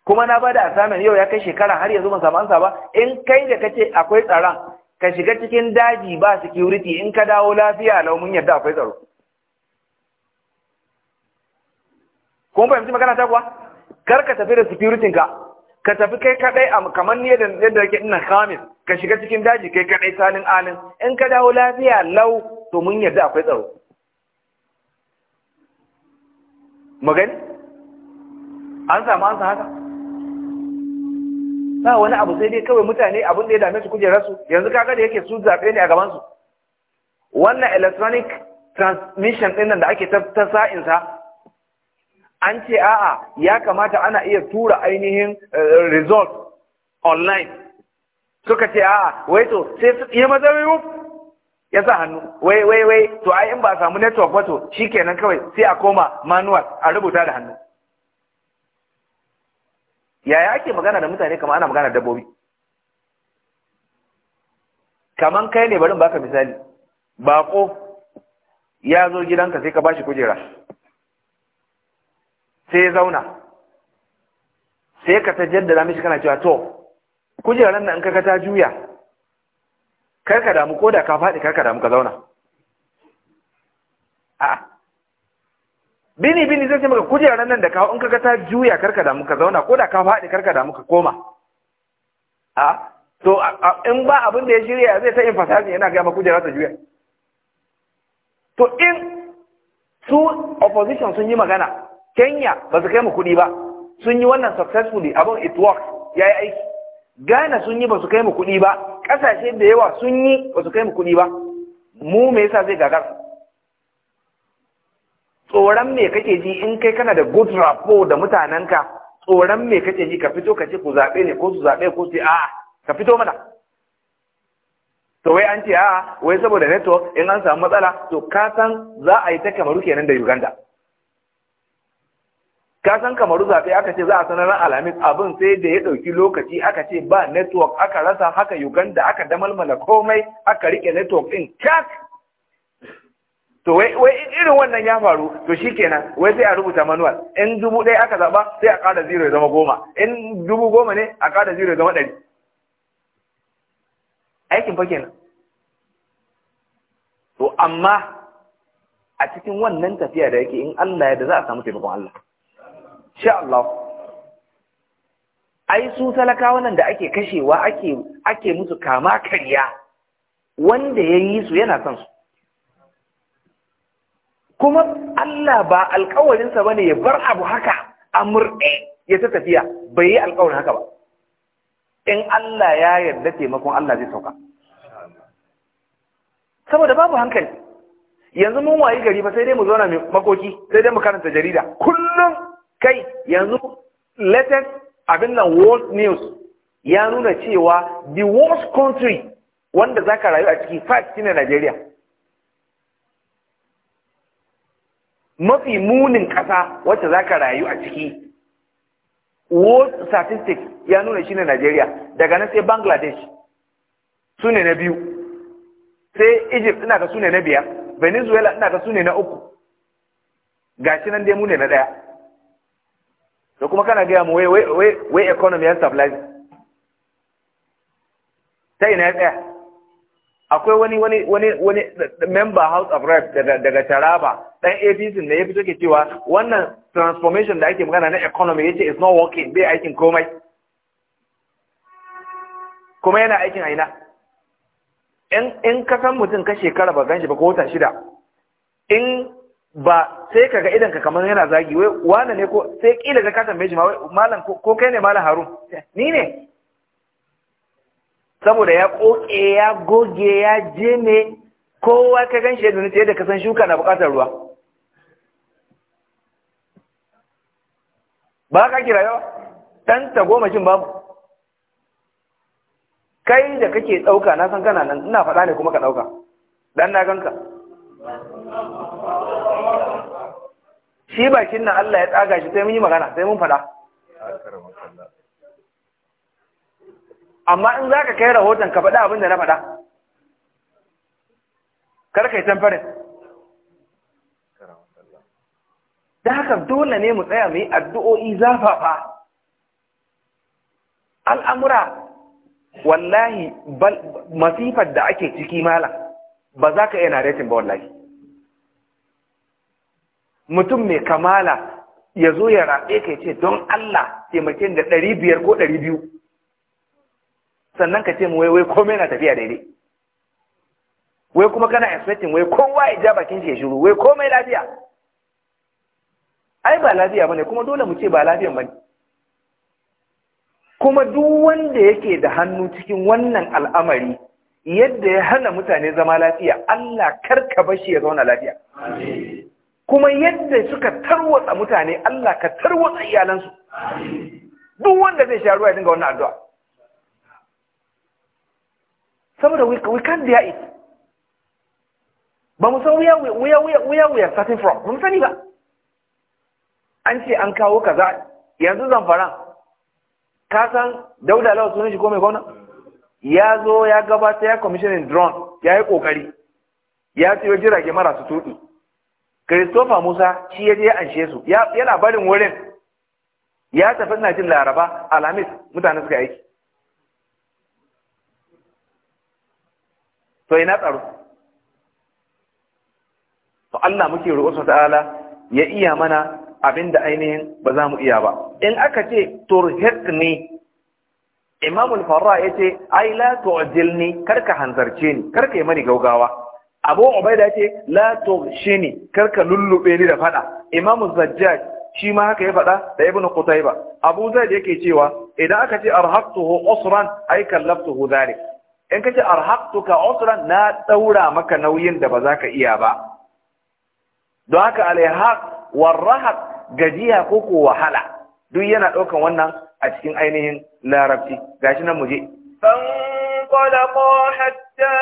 kuma na bada assignment yau ya kai shekara har yanzu ban samu ansa ba in kai da kace akwai tsaron ka shiga cikin daji ba security in ka dawo lafiya lau mun yadda akwai tsaro Kuma fahimci magana ta kuwa kar ka tafi da security ka ka tafi kai kadai a kamar ne da yadda yake ina khamis ka shiga cikin daji kai kadai salin alin in ka dawo lafiya lau to mun yadda akwai tsaro magani an samu an haka ba wani abu sai dai kawai mutane abin da ya dame su su, yanzu kaga da yake su zaɓe ne a su wannan electronic transmission ɗin nan da ake ta sa'insa an ce a'a ya kamata ana iya tura ainihin eh, result online suka ce a'a wai to sai su iya maza ya sa hannu wai wai wai to ai in ba a samu network ba to shikenan kawai sai a koma manual a rubuta da hannu yaya ake magana da mutane kamar ana magana da dabbobi kaman kai ne barin baka misali bako ya zo gidanka sai ka bashi kujera sai ya zauna sai ka ta jaddada mishi kana cewa to kujeran nan ka ta juya karka damu ko da ka faɗi karka damu ka zauna a bini bini zai ce maka kujerar nan da kawo in kaga ta juya karka damu ka zauna ko da ka faɗi karka damu ka koma a to in ba abin da ya shirya zai ta infasaji yana ma kujerar ta juya to in su opposition sun yi magana Kenya ba su kai mu kuɗi ba sun yi wannan successfully abin it works ya yi aiki Ghana sun yi ba su kai mu kuɗi ba ƙasashe da yawa sun yi ba su kai mu kuɗi ba mu me yasa zai gagara tsoron me kake ji in kai kana da good rapport da mutanenka tsoron me kake ji ka fito ka ce ku zaɓe ne ko su zaɓe ko su a'a ka fito mana to wai an ce a'a wai saboda network in an samu matsala to ka san za a yi ta kamaru kenan da Uganda ka san kamaru zaɓe aka ce za a sanar alhamis abin sai da ya ɗauki lokaci aka ce ba network aka rasa haka uganda aka damalmala komai aka rike network ɗin kyak to wai wai irin wannan ya faru to shikenan wai sai a rubuta manual in dubu ɗaya aka zaba sai a ƙara zero ya zama goma in dubu goma ne a ƙara zero ya zama ɗari aikin fa kenan to amma a cikin wannan tafiya da yake in Allah ya da za a samu taimakon Allah sha Allah ai su talakawa nan da ake kashewa ake ake musu kama karya wanda ya yi su yana son su kuma Allah ba ba ne ya bar abu haka a murɗe ya ta tafiya bai yi alƙawarin haka ba in Allah ya yarda taimakon Allah zai sauka saboda babu hankali yanzu mun wayi gari ba sai dai mu zauna mai makoki sai dai mu karanta jarida kullum kai yanzu latest abin nan world news ya nuna cewa the worst country wanda zaka rayu a ciki fact shine Najeriya mafi munin ƙasa wacce za ka rayu a ciki world statistics ya nuna shi ne Najeriya daga nan sai Bangladesh su ne na biyu sai Egypt ina ka su ne na biyar Venezuela ina ka su ne na uku ga shi nan dai ne na ɗaya da kuma kana gaya mu wai economy and stabilize ta ina ya tsaya akwai wani wani wani wani member house of rep daga Taraba dan APC ne ya fito ke cewa wannan transformation da ake magana na economy yace is not working bai aikin komai kuma yana aikin aina in in ka san mutum ka shekara ba ganshi ba ko wata shida in ba sai kaga idan ka kamar yana zagi wai wane ne ko sai kila ka tambaye shi ma malam ko kai ne malam Harun ni ne saboda ya koke ya goge ya je ne kowa ka gan shi na nace da kasan shuka na bukatar ruwa ba ka kira ta goma tagomashin babu kai da kake ɗauka, na san kana nan ina faɗa ne kuma ka ɗauka. dan na ganka shi bakin nan Allah ya tsaga shi sai mun yi magana sai mun faɗa amma in za ka kai rahoton ka faɗi abin da na faɗa ka yi tamfarin da haka dole ne mu tsaya mai addu'o'i zafafa al'amura wallahi masifar da ake ciki mala, ba za ka iya retin ba wallahi mutum mai kamala ya zo ya raɓe ka ce don Allah taimakin da ɗari biyar ko ɗari biyu sannan ka ce mu wai komai na tafiya daidai wai kuma kana expecting wai kowa ya ja bakin shi ya shiru wai komai lafiya ai ba lafiya bane kuma dole mu ce ba lafiyan bane kuma duk wanda yake da hannu cikin wannan al'amari yadda ya hana mutane zama lafiya Allah karka bashi ya zauna lafiya kuma yadda suka tarwatsa mutane Allah ka tarwatsa iyalansu duk wanda zai sha ruwa ya dinga wannan addu'a saboda we, we can't bear it ba mu san wuya wuya starting from mun sani ba an ce an kawo kaza yanzu zamfaran ka san dauda lawa sunan shi ko mai gwamna ya zo ya gabata ya commissioning drone ya yi kokari ya siyo jirage marasu tuɗi christopher musa shi ya je ya anshe su ya labarin wurin ya tafi ina jin laraba alhamis mutane suka aiki to ina tsaro to Allah muke roƙo ta'ala ya iya mana abinda ainihin ba za mu iya ba in aka ce ni, Imam al-Farra yace ai la tu'jilni karka hanzarce ni karka yi mani gaugawa Abu Ubaida yace la tughshini karka lullube ni da fada Imam Zajjaj shi ma haka ya fada da Ibn Qutayba Abu Zaid yake cewa idan aka ce arhaqtuhu usran ai kallaftuhu dhalik in kace arhaqtuka usran na daura maka nauyin da ba za ka iya ba don haka alaihaq warrahaq gajiya ko ko wahala duk yana daukan wannan a cikin ainihin larabci gashi nan muje فانطلقا حتى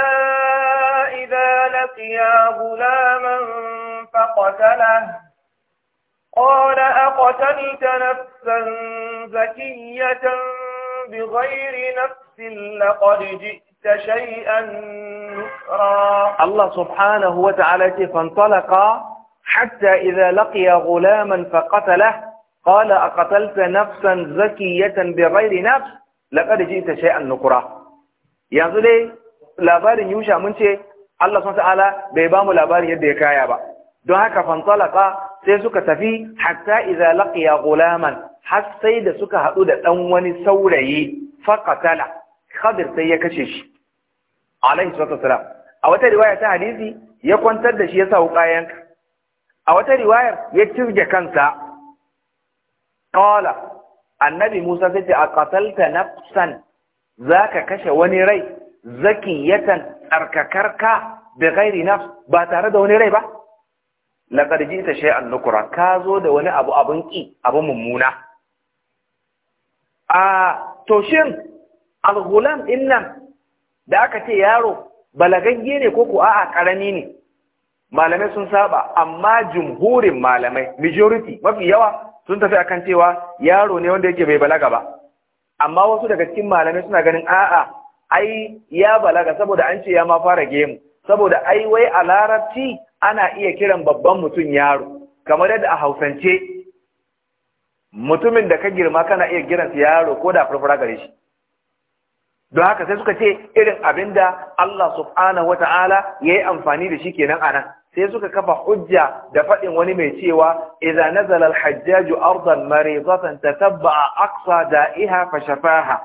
إذا لقيا غلاما فقتله قال أقتلت نفسا زكية بغير نفس لقد جئت Allah subhanahu wa ta'ala ce fantalaka hatta idza laqiya ghulaman fa qatalah qala aqatalta nafsan zakiyatan bighairi nafs laqad ji'ta shay'an nukra yanzu dai labarin yusha mun ce Allah subhanahu bai bamu labarin yadda ya kaya ba don haka fantalaka sai suka tafi hatta idza laqiya ghulaman har sai da suka hadu da dan wani saurayi fa qatala khadir sai ya kashe shi alaihi salatu wasalam a wata riwaya ta hadisi ya kwantar da shi ya sa wuka yanka a wata riwayar ya cirge kansa qala annabi Musa sai ce a qatalta nafsan zaka kashe wani rai zakiyatan tsarkakarka da ghairi nafs ba tare da wani rai ba laqad ji'ta shay'an nukura ka zo da wani abu abun ki abu mummuna a ah, to shin al-ghulam da aka ce yaro balagagge ne ko a a'a karami ne malamai sun saba amma jumhurin malamai majority mafi yawa sun tafi akan cewa yaro ne wanda yake bai balaga ba amma wasu daga cikin malamai suna ganin a'a ai ya balaga saboda an ce ya ma fara gemu saboda ai wai a larabci ana iya kiran babban mutum yaro kamar yadda a hausance mutumin da ka girma kana iya kiransa yaro ko da farfara gare shi don haka sai suka ce irin abin da Allah subhanahu wa ta'ala ya yi amfani da shi kenan anan sai suka kafa hujja da faɗin wani mai cewa iza nazala al-hajjaju ardan maridatan tatabba'a aqsa da'iha fa shafaha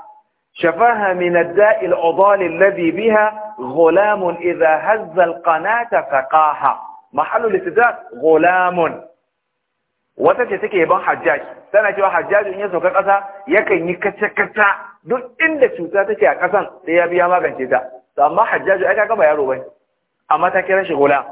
shafaha min ad-da'i alladhi biha ghulam iza hazza al-qanata faqaha mahallu al wata ce take yaban hajjaj tana cewa hajjaj in ya sauka ƙasa yakan yi kace kaca duk inda cuta take a ƙasan sai ya biya magance ta To amma hajjaj ai kaga ba yaro bane amma ta kira shi gula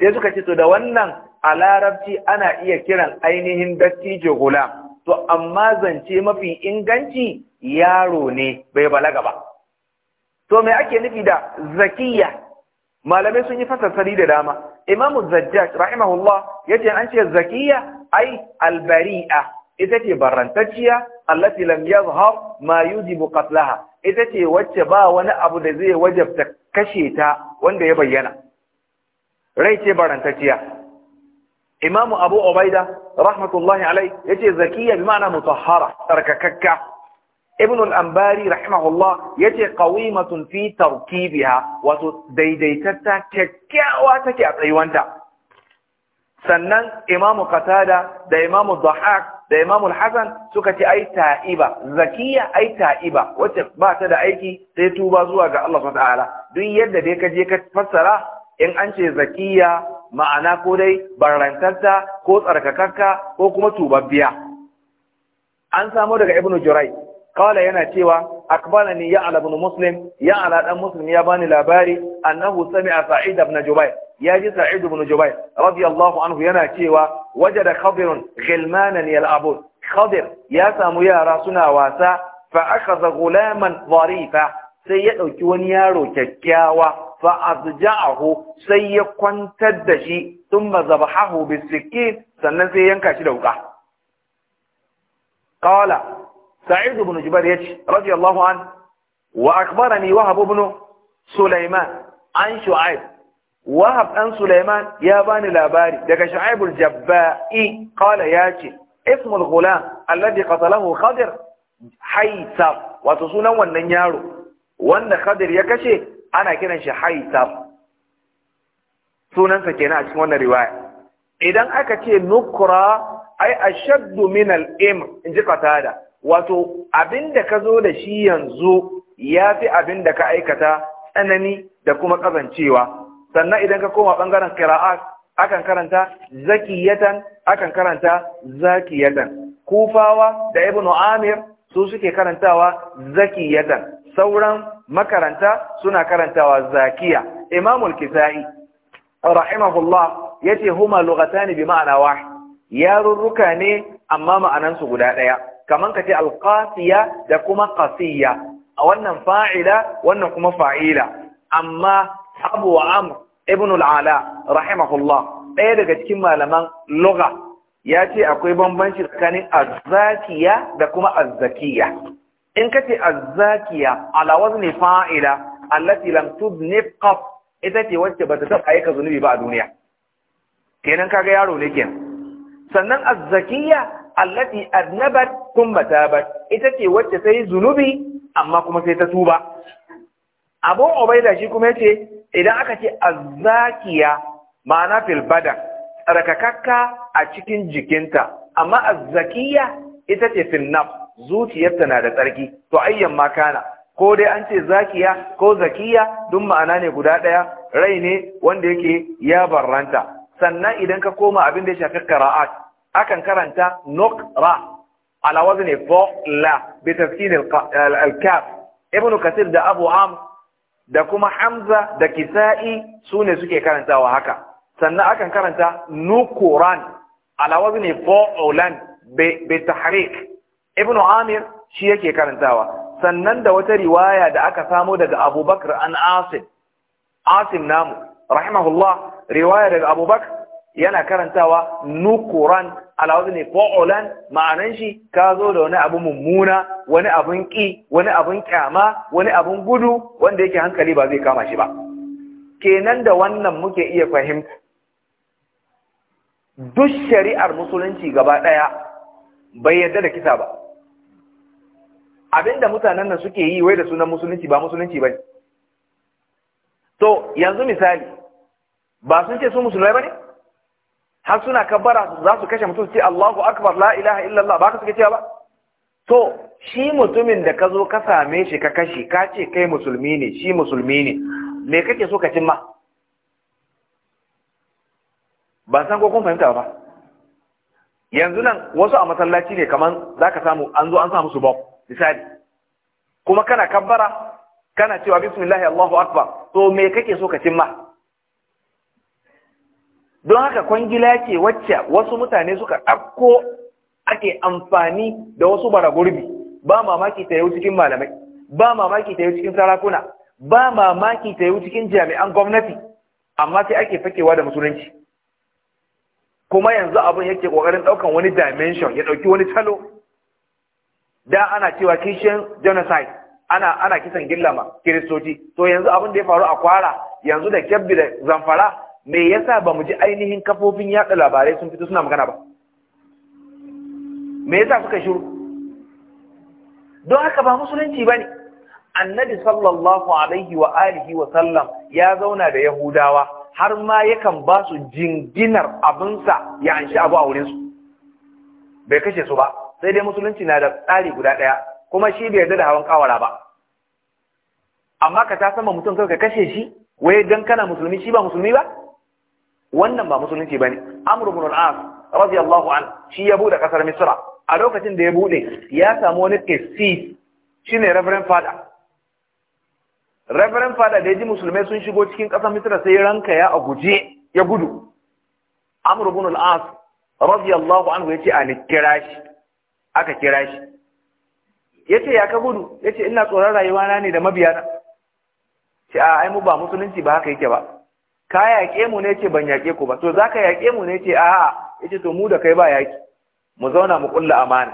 sai suka ce to da wannan a larabci ana iya kiran ainihin dattijo gula to amma zance mafi inganci yaro ne bai balaga ba to me ake nufi da zakiya malamai sun yi fasassari da dama imamu zajjaj rahimahullah yace an ce zakiya ai albari'a ita ce barrantacciya allati lam yazhar ma yujibu qatlaha ita ce wacce ba wani abu da zai wajabta kashe ta wanda ya bayyana rai ce barantacciya imamu abu ubaida rahmatullahi alai yace zakiya bi ma'ana mutahhara tarkakakka ibn al-anbari rahimahullah yace qawimatun fi tarkibiha wato daidaitatta kyakkyawa take a tsayuwanta sannan imamu katada da imamu dhahak da imamu hassan suka ce ai ta'iba zakiya ai ta'iba wacce ba ta da aiki sai tuba zuwa ga Allah subhanahu wataala duk yadda dai ka je ka fassara in an ce zakiya ma'ana ko dai barantarta ko tsarkakakka ko kuma tubabbiya an samu daga ibnu jurai kawala yana cewa Akbala ya ala ibn muslim ya ala dan muslim ya bani labari annahu sami'a sa'id ibn jubair ya ji sa'id ibn jubair radiyallahu anhu yana cewa wajada khadirun ghilmanan yal'abun khadir ya samu yara suna wasa fa akhadha ghulaman dharifa sai ya dauki wani yaro kyakkyawa fa azja'ahu sai ya kwantar da shi thumma zabahahu bisikin sannan sai yanka shi da wuka qala sa'id ibn jubair yace radiyallahu anhu wa akhbarani wahab ibn sulaiman an shu'aib wahab ɗan Sulaiman ya bani labari daga Shu'aibul Jabba'i qala yace ismul ghulam alladhi qatalahu Khadir Haisab wato sunan wannan yaro wanda Khadir ya kashe ana kiran shi Haisab sunansa kenan a cikin wannan riwaya idan aka ce nukra ai ashaddu min al in ji qatada wato abinda ka zo da shi yanzu yafi abinda ka aikata tsanani da kuma kazancewa sannan idan ka koma ɓangaren qira'at akan karanta zakiyatan akan karanta zakiyatan kufawa da ibnu amir su suke karantawa zakiyatan sauran makaranta suna karantawa zakiya imamul kisa'i rahimahullah yace huma lughatani bi ma'ana wahid yarurruka ne amma ma'anansu guda ɗaya kaman kace alqasiya da kuma qasiya a wannan fa'ila wannan kuma fa'ila amma abu wa amr ibn al'ala rahimahullah ɗaya daga cikin malaman lugha ya ce akwai bambanci tsakanin azzakiya da kuma azzakiya in ka ce azzakiya ala wazni fa'ila allati lam tubni qaf ita ce wacce bata taɓa aika zunubi ba a duniya kenan kaga yaro ne kenan sannan azzakiya allati adnabat thumma tabat ita ce wacce sai zunubi amma kuma sai ta tuba abu ubaida shi kuma yace idan aka ce azzakiya ma'ana fil badan tsarkakakka a cikin jikinta amma azzakiya ita ce fil zuciyarta na da tsarki to ayyan ma kana ko dai an ce zakiya ko zakiya duk ma'ana ne guda ɗaya rai ne wanda yake ya barranta sannan idan ka koma abin da ya shafi qira'at akan karanta nuqra ala wazni fa la bi taskin al-kaf ibn kasir da abu amr da kuma hamza da kisa'i su ne suke karantawa haka sannan akan karanta nukuran alawaz ne fa'ulan bi tahrik ibnu amir shi yake karantawa sannan da wata riwaya da aka samo daga abubakar an asim asim namu rahimahullah riwaya daga abubakar yana karantawa nukuran alawaz ne fa'ulan ma'anan shi ka zo da wani abu mummuna wani abun ƙi, wani abun ƙyama, wani abun gudu wanda yake hankali ba zai kama shi ba kenan da wannan muke iya fahimta duk shari'ar musulunci gaba ɗaya bai yadda da kisa ba abinda mutanen nan suke yi wai da sunan musulunci ba musulunci bane to yanzu misali ba sun ce su musulmai bane har suna kabbara za su kashe mutum ce Allahu akbar la ilaha illallah ba ka suke cewa ba to shi mutumin da ka zo ka same shi ka kashe ka ce kai musulmi ne shi musulmi ne me kake so ka cimma ban san ko kun fahimta ba yanzu nan wasu a masallaci ne kaman zaka samu an zo an sa musu bomb misali kuma kana kabbara kana cewa bismillah Allahu akbar to me kake so ka cimma don haka kwangila ce wacce wasu mutane suka ɗauko ake amfani da wasu baragurbi ba mamaki ta yau cikin malamai ba mamaki ta yau cikin sarakuna ba mamaki ta yau cikin jami'an gwamnati amma sai ake fakewa da musulunci kuma yanzu abin yake kokarin ɗaukan wani dimension ya ɗauki wani salo da ana cewa kishiyar genocide ana ana kisan gillama kiristoci to yanzu abin da ya faru a kwara yanzu da kyabbi da zamfara me yasa ba mu ji ainihin kafofin yaɗa labarai sun fito suna magana ba me yasa suka shiru don haka ba musulunci ba ne annabi sallallahu alaihi wa alihi wa sallam ya zauna da yahudawa har ma yakan ba su jinginar abinsa ya anshi abu a wurin su. bai kashe su ba sai dai musulunci na da tsari guda ɗaya kuma shi bai yarda da hawan kawara ba amma ka ta sama mutum kai ka kashe shi wai dan kana musulmi shi ba musulmi ba wannan ba musulunci bane amr ibn al-as radiyallahu an shi ya bude kasar misra a lokacin da ya bude ya samu wani shi shine reverend father reverend father da ya ji musulmai sun shigo cikin kasar misra sai ranka ya a guje ya gudu amr ibn al-as radiyallahu anhu yace a kira shi aka kira shi yace ya ka gudu yace ina tsoron rayuwa na ne da mabiyana ce a ai mu ba musulunci ba haka yake ba ka yaƙe mu ne ce ban yaƙe ku ba to za ka yaƙe mu ne ce a'a yace to mu da kai ba yaƙi mu zauna mu ƙulla amana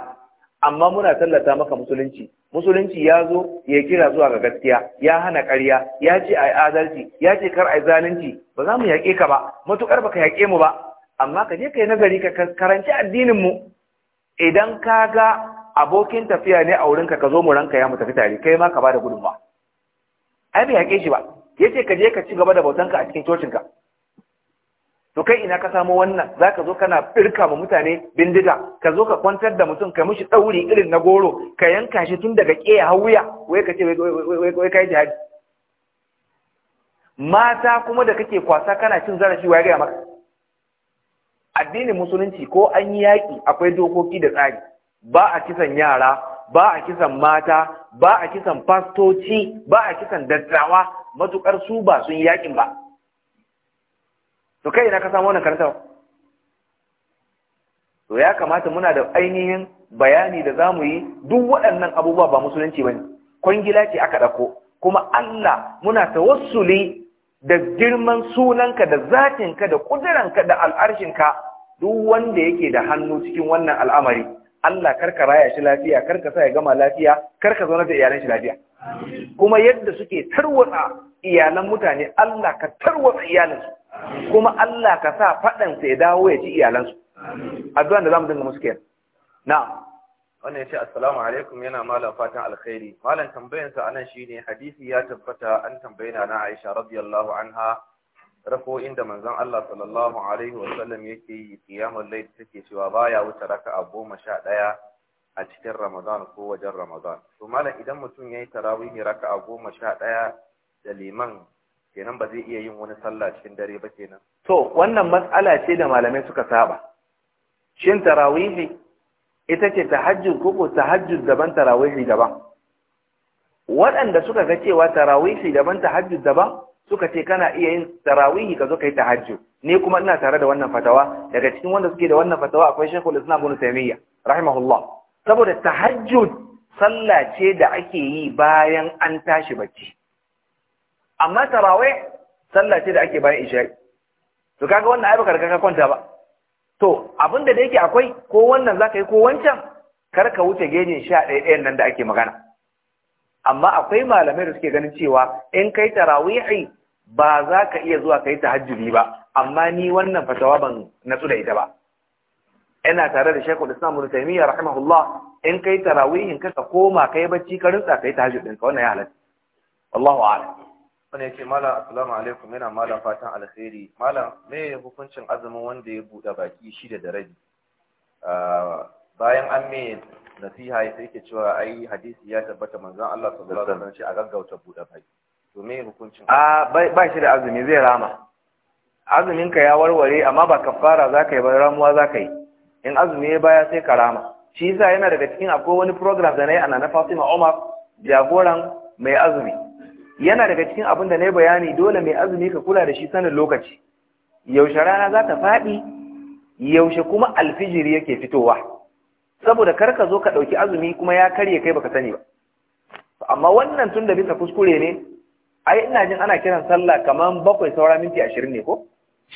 amma muna tallata maka musulunci musulunci ya zo ya kira zuwa ga gaskiya ya hana ƙarya ya ce ai adalci ya ce kar ai zalunci ba za mu yaƙe ka ba matuƙar ba ka yaƙe mu ba amma ka je ka yi nazari ka karanci addinin mu idan ka ga abokin tafiya ne a wurinka ka zo mu ranka ya mu tafi tare kai ma ka ba da gudunmawa ai ba yaƙe shi ba yace ka je ka ci gaba da bautanka a cikin cocinka to kai ina ka samu wannan za ka zo kana firka ma mutane bindiga ka zo ka kwantar da mutum ka mishi ɗauri irin na goro ka yanka shi tun daga ƙeya ya wuya wai ka ce wai ka yi jihadi mata kuma da kake kwasa kana cin zarafi wa gaya maka addinin musulunci ko an yi yaƙi akwai dokoki da tsari ba a kisan yara ba a kisan mata ba a kisan fastoci ba a kisan dattawa matuƙar su ba sun yakin ba to kai na ka samu wannan to ya kamata muna da ainihin bayani da za mu yi duk waɗannan abubuwa ba musulunci ba ne kwangila ce aka ɗauko kuma Allah muna tawassuli da girman sunanka da zatinka da ƙudurinka da al'arshinka duk wanda yake da hannu cikin wannan al'amari Allah karka raya shi lafiya karka sa ya gama lafiya karka zauna da iyalan shi lafiya kuma yadda suke tarwatsa iyalan mutane Allah ka tarwatsa iyalansu kuma Allah ka sa faɗansa ya dawo ya ci iyalansu addu'an da zamu dinga musu kenan na'am wannan ya ce assalamu alaikum yana malam fatan alkhairi malam tambayansa anan shine hadisi ya tabbata an tambayina na Aisha radiyallahu anha rako'in da manzon Allah sallallahu alaihi wasallam yake yi qiyamul layl take cewa baya wuce raka'a goma sha ɗaya a cikin Ramadan ko wajen Ramadan to malam idan mutum yayi tarawih raka'a goma sha ɗaya da liman kenan ba zai iya yin wani sallah cikin dare ba kenan to wannan matsala ce da malamai suka saba shin tarawih ita ce tahajjud ko ko tahajjud daban tarawih daban waɗanda suka ga cewa tarawih daban tahajjud daban suka ce kana iya yin tarawihi ka zo ka yi tahajju. ne kuma ina tare da wannan fatawa daga cikin wanda suke da wannan fatawa akwai Sheikhul Islam Ibn Taymiyyah rahimahullah saboda tahajjud sallah ce da ake yi bayan an tashi bacci amma tarawih sallah ce da ake bayan isha'i to kaga wannan ai baka riga ka kwanta ba to abinda da yake akwai ko wannan zaka yi ko wancan kar ka wuce gejin 11 ɗayan nan da ake magana amma akwai malamai da suke ganin cewa in kai tarawihi ba za ka iya zuwa kai tahajjudi ba amma ni wannan fatawa ban natsu da ita ba ina tare da Sheikhul Islam Ibn Taymiyyah rahimahullah in kai tarawihin ka koma kai bacci ka rinsa kai tahajjud ka wannan ya halatta Allahu a'lam wani yake mala assalamu alaikum Ina mala fatan alkhairi mala me hukuncin azumin wanda ya buɗe baki shida da daraji ah, bayan an me nasiha ya sai ke cewa ai hadisi ya tabbata manzon Allah sallallahu alaihi wasallam a gaggauta buɗe baki to me hukuncin a ba shi da azumi zai rama azumin ka ya warware amma ba kafara zaka yi ba ramuwa zaka yi in azumi ya baya sai ka rama shi yasa yana daga cikin akwai wani program da nayi ana na Fatima Umar jagoran mai azumi yana daga cikin abin da nayi bayani dole mai azumi ka kula da shi sanin lokaci yaushe rana za ta faɗi yaushe kuma alfijiri yake fitowa saboda kar ka zo ka ɗauki azumi kuma ya karye kai baka sani ba amma wannan tun da bisa kuskure ne ai ina jin ana kiran sallah kamar bakwai saura minti ashirin ne ko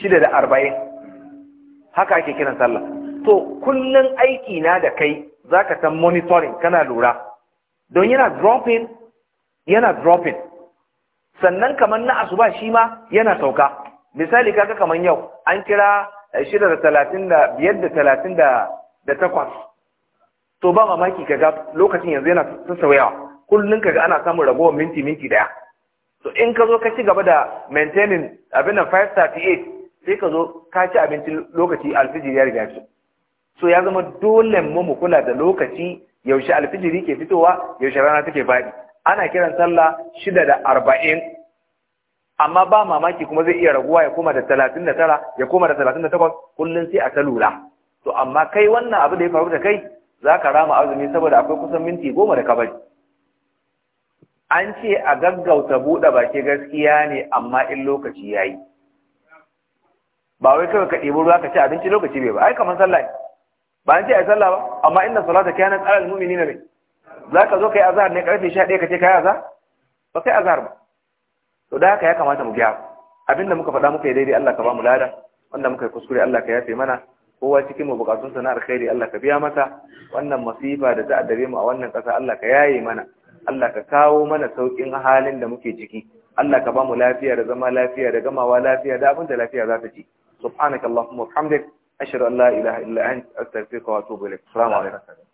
shida da arba'in haka ake kiran sallah to kullum aiki na da kai za ka san monitoring kana lura don yana dropping yana dropping sannan kamar na asuba shi ma yana sauka misali kaga kaman yau an kira shida da talatin da biyar da talatin da takwas to ba mamaki kaga lokacin yanzu yana sassauyawa kullum kaga ana samun ragowar minti minti daya to in ka zo ka ci gaba da maintaining abin nan 538 sai ka zo ka ci abincin lokaci alfijiri ya riga shi so ya zama dole mu mu kula da lokaci yaushe alfijiri ke fitowa yaushe rana take faɗi ana kiran sallah shida da arba'in amma ba mamaki kuma zai iya raguwa ya koma da talatin da tara ya koma da talatin da takwas kullum sai a ta lura to amma kai wannan abu da ya faru da kai za ka rama azumi saboda akwai kusan minti goma da kabari an ce a gaggauta buɗe baki gaskiya ne amma in lokaci ya yi ba wai kawai ka ɗebi ruwa ka ci abinci lokaci bai ba ai kamar sallah ne ba an ce a yi sallah ba amma inda ta kyanar tsarar mumini ne za ka zo ka yi azahar ne ƙarfe sha ɗaya ka ce ka yi azahar ba kai azahar ba to da haka ya kamata mu gyara abinda muka faɗa muka yi daidai Allah ka ba mu lada wanda muka yi kuskure Allah ka yafe mana kowa cikin mu bukatun sana'ar na alkhairi Allah ka biya masa wannan masifa da ta dare mu a wannan kasa Allah ka yaye mana Allah ka kawo mana saukin halin da muke ciki Allah ka ba mu lafiya da zama lafiya da gamawa lafiya da abin da lafiya za ta ci subhanakallahumma wa bihamdik ashhadu an la ilaha illa anta astaghfiruka wa atubu ilaik assalamu alaikum